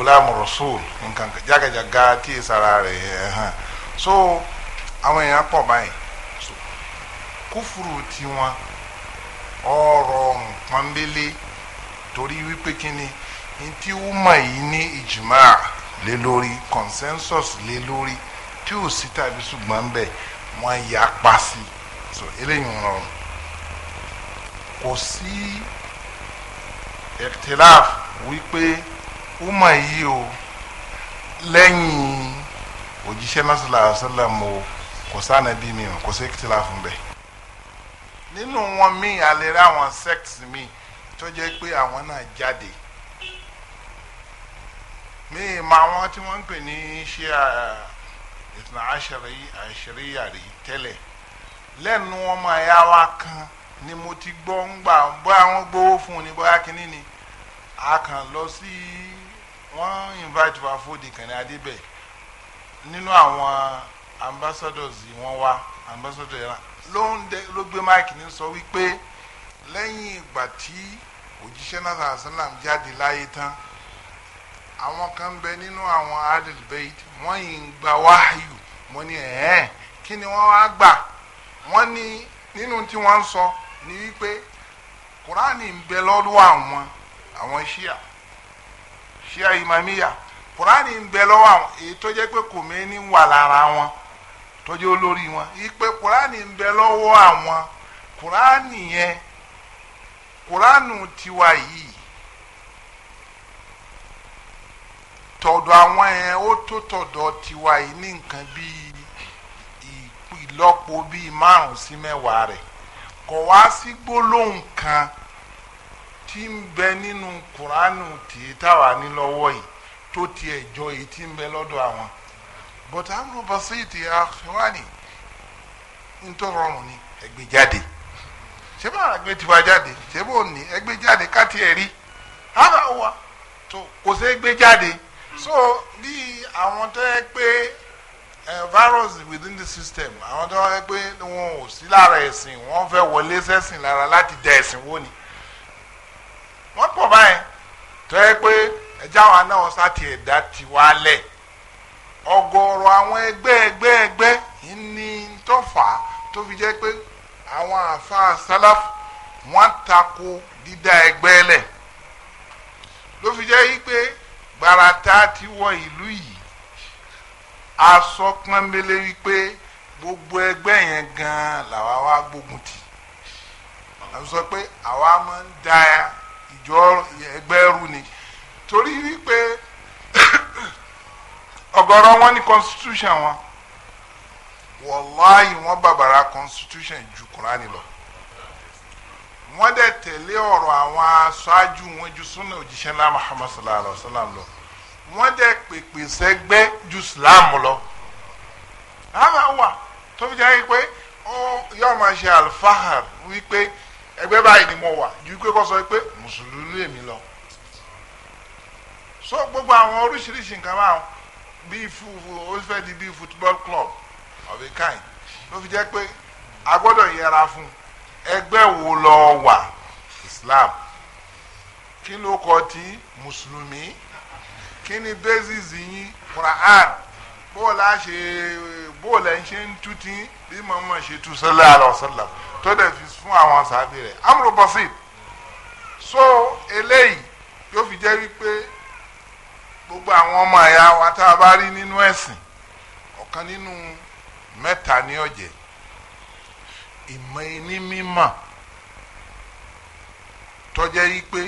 gulam rasul nǹkan jágàjàgà tí ìsara rẹ̀ hàn so àwọn èèyàn pọ̀ báyìí kúfùrù tiwọn ọ̀rọ̀ nǹkan lélẹ̀ torí wípé kíni ntí wúmọ̀ yìí ní ìjìmá lé lórí consensus lé lórí. tí ò sí tàbí ṣùgbọ́n ń bẹ̀ wọ́n ya pa sí i so eléyìí rọrùn kò sí ẹ̀tẹ́láf wípé ó mọ̀ yìí o lẹ́yìn òjíṣẹ́ nasala asalam o kò sáànà bí mi o kò sí ẹ̀tẹ́láf ń bẹ̀ nínú wọn míì alẹ́ àwọn sect míì tó jẹ́ pé àwọn náà jáde míì máa wọn tí wọ́n ń pè ní ṣíà ìtàn àṣẹríyà rí tẹ́lẹ̀ lẹ́nu ọmọ ẹ̀yà wa kan ni mo ti gbọ́ ń gbà bóyá wọ́n gbowó fún un ni bóyá kínní ni a kàn lọ sí wọ́n invite wa fóde kàní adébẹ̀ nínú àwọn ambassadors yìí wọ́n wá ambassador yẹn ló ń dẹ ló gbé máìkì ní sọ wípé lẹ́yìn ìgbà tí òjíṣẹ́ náà sàlám jáde láyé tán. àwọn kan bẹ nínú àwọn adilbeit wọn yìí ń gba wáyù wọ́n ní ẹ̀ẹ́n kí ni wá gbà wọn ni nínú tí wọn ń sọ ni wípé kuraani ń bẹ lọ́dọ̀ àwọn àwọn ṣíà ṣíà imamiya kuraani ń bẹ lọ́wọ́ àwọn èyí tó jẹ́ pé wà lára tọ̀dọ̀ àwọn yẹn ó tó tọ̀dọ̀ tiwa yìí ní nǹkan bíi ìlọ́po bíi márùn sí mẹ́wàá rẹ̀ kò wá sí gbólóhùn kan tí ń bẹ nínú kuranu tìí táwa ní lọ́wọ́ yìí tó tiẹ̀ jọ èyí tí ń bẹ lọ́dọ̀ àwọn bọ̀tà ń lọ bá sí ìtì àfẹ́wánì ntọ́rọrùn ni ẹgbẹ́ jáde ṣé àgbẹ̀ tiwa jáde ṣé bó ẹgbẹ́ jáde ká tiẹ̀ rí àbáwá tó kò sí ẹgbẹ́ jáde so bí àwọn tó yẹ pé virus within the system àwọn tó yẹ pé wọn ò sí lára ẹ̀sìn wọ́n fẹ́ wọlé sẹ́sìn lára láti dẹ ẹ̀sìn wò ni wọ́n pọ̀ báyìí tó yẹ pé ẹja wa náà sá ti ẹ̀dá ti wá lẹ̀ ọ̀gọ̀rọ̀ àwọn ẹgbẹ́ ẹgbẹ́ ẹgbẹ́ ní tó fà á tó fi jẹ́ pé àwọn àfa salaf wọ́n tako dídá ẹgbẹ́ lẹ̀ ló fi jẹ́ yí pé gbàrà tá a ti wọ ìlú yìí a sọ pọ́nbélé wípé gbogbo ẹgbẹ́ yẹn gan làwa wá gbógun tì a sọ pé àwa máa ń da ìjọ ẹgbẹ́ rú ni torí wípé ọ̀gọ̀rọ̀ wọn ní constitution wọn wọláyì wọn bàbàrà constitution ju kùránì lọ wọ́n dẹ̀ tẹ̀lé ọ̀rọ̀ àwọn aṣáájú wọn ju súnà òjíṣẹ́ ńlá muhammad sallallahu alayhi wa sallam lọ wọ́n dẹ̀ pèpè sẹ́gbẹ́ ju islam lọ. àwọn wà tó fi jẹ́ pé ó yọ máa ṣe alfahar wípé ẹgbẹ́ báyìí ni mo wà ju pé kó sọ pé mùsùlùmí èmi lọ. so gbogbo àwọn oríṣiríṣi nǹkan máa bíi ó fẹ́ di bíi football club of a kind ló fi jẹ́ pé a gbọ́dọ̀ yẹra fún un ẹgbẹ́ wo lọ wà islam kí ló kọ tí mùsùlùmí kí ni basis yín quran bó la ṣe bó la ṣe ń tutí bí màmá ṣe tu sallallahu alaihi wasallam tó dẹ̀ fi fún àwọn sàbí rẹ̀ amúlò bọ́sì so eléyìí yóò fi jẹ́ wípé gbogbo àwọn ọmọ ẹ̀yà wa tá a bá rí nínú ẹ̀sìn ọ̀kan nínú mẹ́ta ní ọ̀jẹ̀ ìmọ̀ ẹni mímọ̀ tọ́jẹ́ yí pé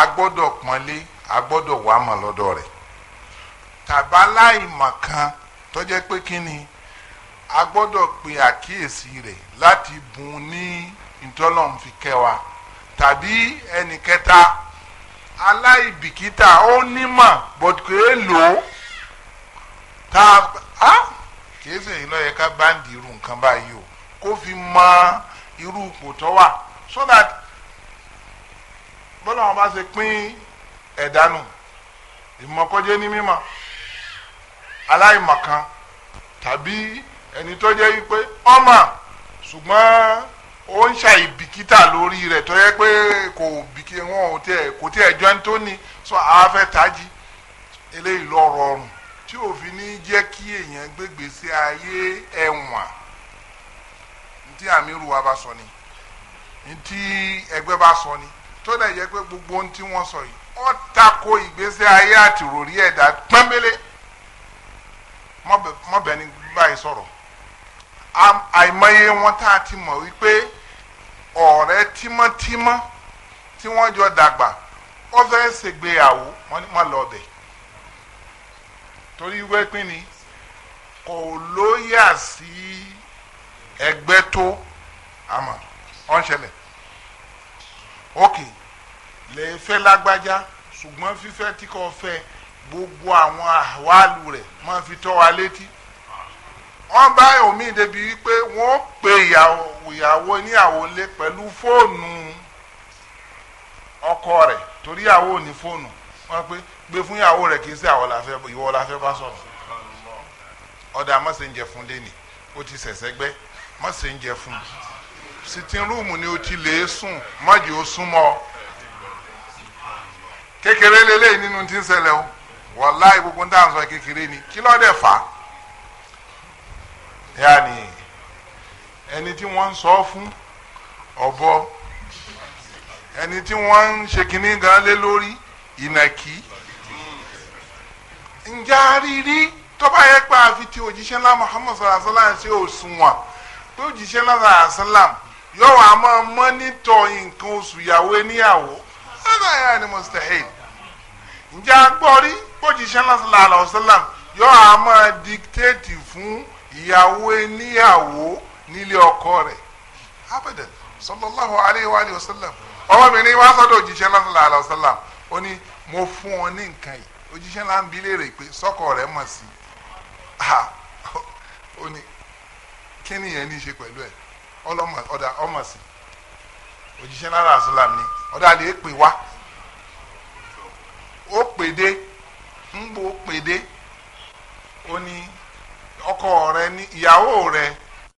a gbọ́dọ̀ pọ́nlé a gbọ́dọ̀ wà mọ̀ lọ́dọ̀ rẹ̀ tàbá láìmọ̀ kan tọ́jẹ́ pé kí ni a gbọ́dọ̀ pe àkíyèsí rẹ̀ láti bùn ní ìtọ́lọ́hún fi tàbí ẹnì kẹta ó nímọ̀ but lò ó tá a kìí sèyí báńdì irú nǹkan o kó fi mọ irú ipò tó wà so that bọ́lá wọn bá ṣe pín ẹ̀dá nù ìmọ̀kọ́jẹ́ ní mímọ̀ aláìmọ̀kan tàbí ẹni tó jẹ́ wípé ọmọ ṣùgbọ́n ó ń ṣàì bìkítà lórí rẹ̀ tó yẹ pé kò bìkí wọn ò tiẹ̀ kò tiẹ̀ jọ ẹni tó ní sọ àáfẹ́ tají eléyìí lọ tí òfin ní jẹ́ kí èèyàn gbégbèsè ayé ẹ̀wọ̀n. E ntí amiru wa bá sọ ni ntí ẹgbẹ́ bá sọ ni tó dẹ̀ yẹ pé gbogbo ohun tí wọ́n sọ yìí ó tako ìgbésí ayé àti ròrí ẹ̀dá pẹ́ńbélé mọ́bẹ̀ ní báyìí sọ̀rọ̀ àìmọye wọn tá a ti mọ̀ wípé ọ̀rẹ́ tímọ́tímọ́ tí wọ́n jọ dàgbà ó fẹ́ ṣègbéyàwó wọ́n lọ bẹ̀ torí wẹ́pín ni kò lóyà sí ẹgbẹ́ tó àmọ́ ọ̀n ṣẹlẹ̀ ok lè fẹ́ lágbájá ṣùgbọ́n fífẹ́ tí kò fẹ́ gbogbo àwọn àwálù rẹ̀ máa fi tọ́ wa létí wọ́n bá omi débi wípé wọ́n pe ìyàwó níyàwó lé pẹ̀lú fóònù ọkọ rẹ̀ torí ìyàwó ò ní fóònù wọ́n pé gbé fún ìyàwó rẹ̀ kì í ṣe àwọn làfẹ́ ìwọ làfẹ́ bá sọ̀rọ̀ ọ̀dà mọ́sẹ̀ ń jẹ fún lẹ́nì ó ti ṣẹ̀ṣẹ̀ gbẹ́ má ṣe ń jẹ fún un sitin rúùmù ni o ti lè sùn má jẹ́ o súnmọ́ kékeré lélẹ́yìí nínú tí ń ṣẹlẹ̀ o wàláì gbogbo ń dáhùn sọ kékeré ni kí ló dé fà á yaani ẹni tí wọ́n ń sọ fún ọ̀bọ ẹni tí wọ́n ń ṣe kínní gan lé lórí ìnàkí ǹjẹ́ àrírí tó bá yẹ pé àfi ti òjíṣẹ́ ńlá Muhammad sallallahu alaihi wasallam ṣe òṣùwọ̀n pé òjíṣẹ́ náà sàrà sálàm yóò wá máa mọ́nítọ̀ nǹkan oṣù ìyàwó ẹníyàwó ẹ̀dá yà ni mustahil ǹjẹ́ agbọ́rí òjíṣẹ́ náà sàrà sálàm yóò wá máa dictate fún ìyàwó ẹníyàwó nílé ọkọ rẹ̀ abẹ́dẹ̀ sallallahu alayhi wa sallam ọmọbìnrin wa sọ́dọ̀ òjíṣẹ́ náà sàrà sálàm ó ní mo fún ọ ní nǹkan yìí òjíṣẹ́ náà ń bi léèrè pé sọ́kọ rẹ̀ mọ̀ sí i kí ni yẹn ní í ṣe pẹ̀lú ẹ̀ òjíṣẹ́ náírà ni ọ̀dà lè pè wá ó pèdé ń bo ó ní ọkọ rẹ ní ìyàwó rẹ.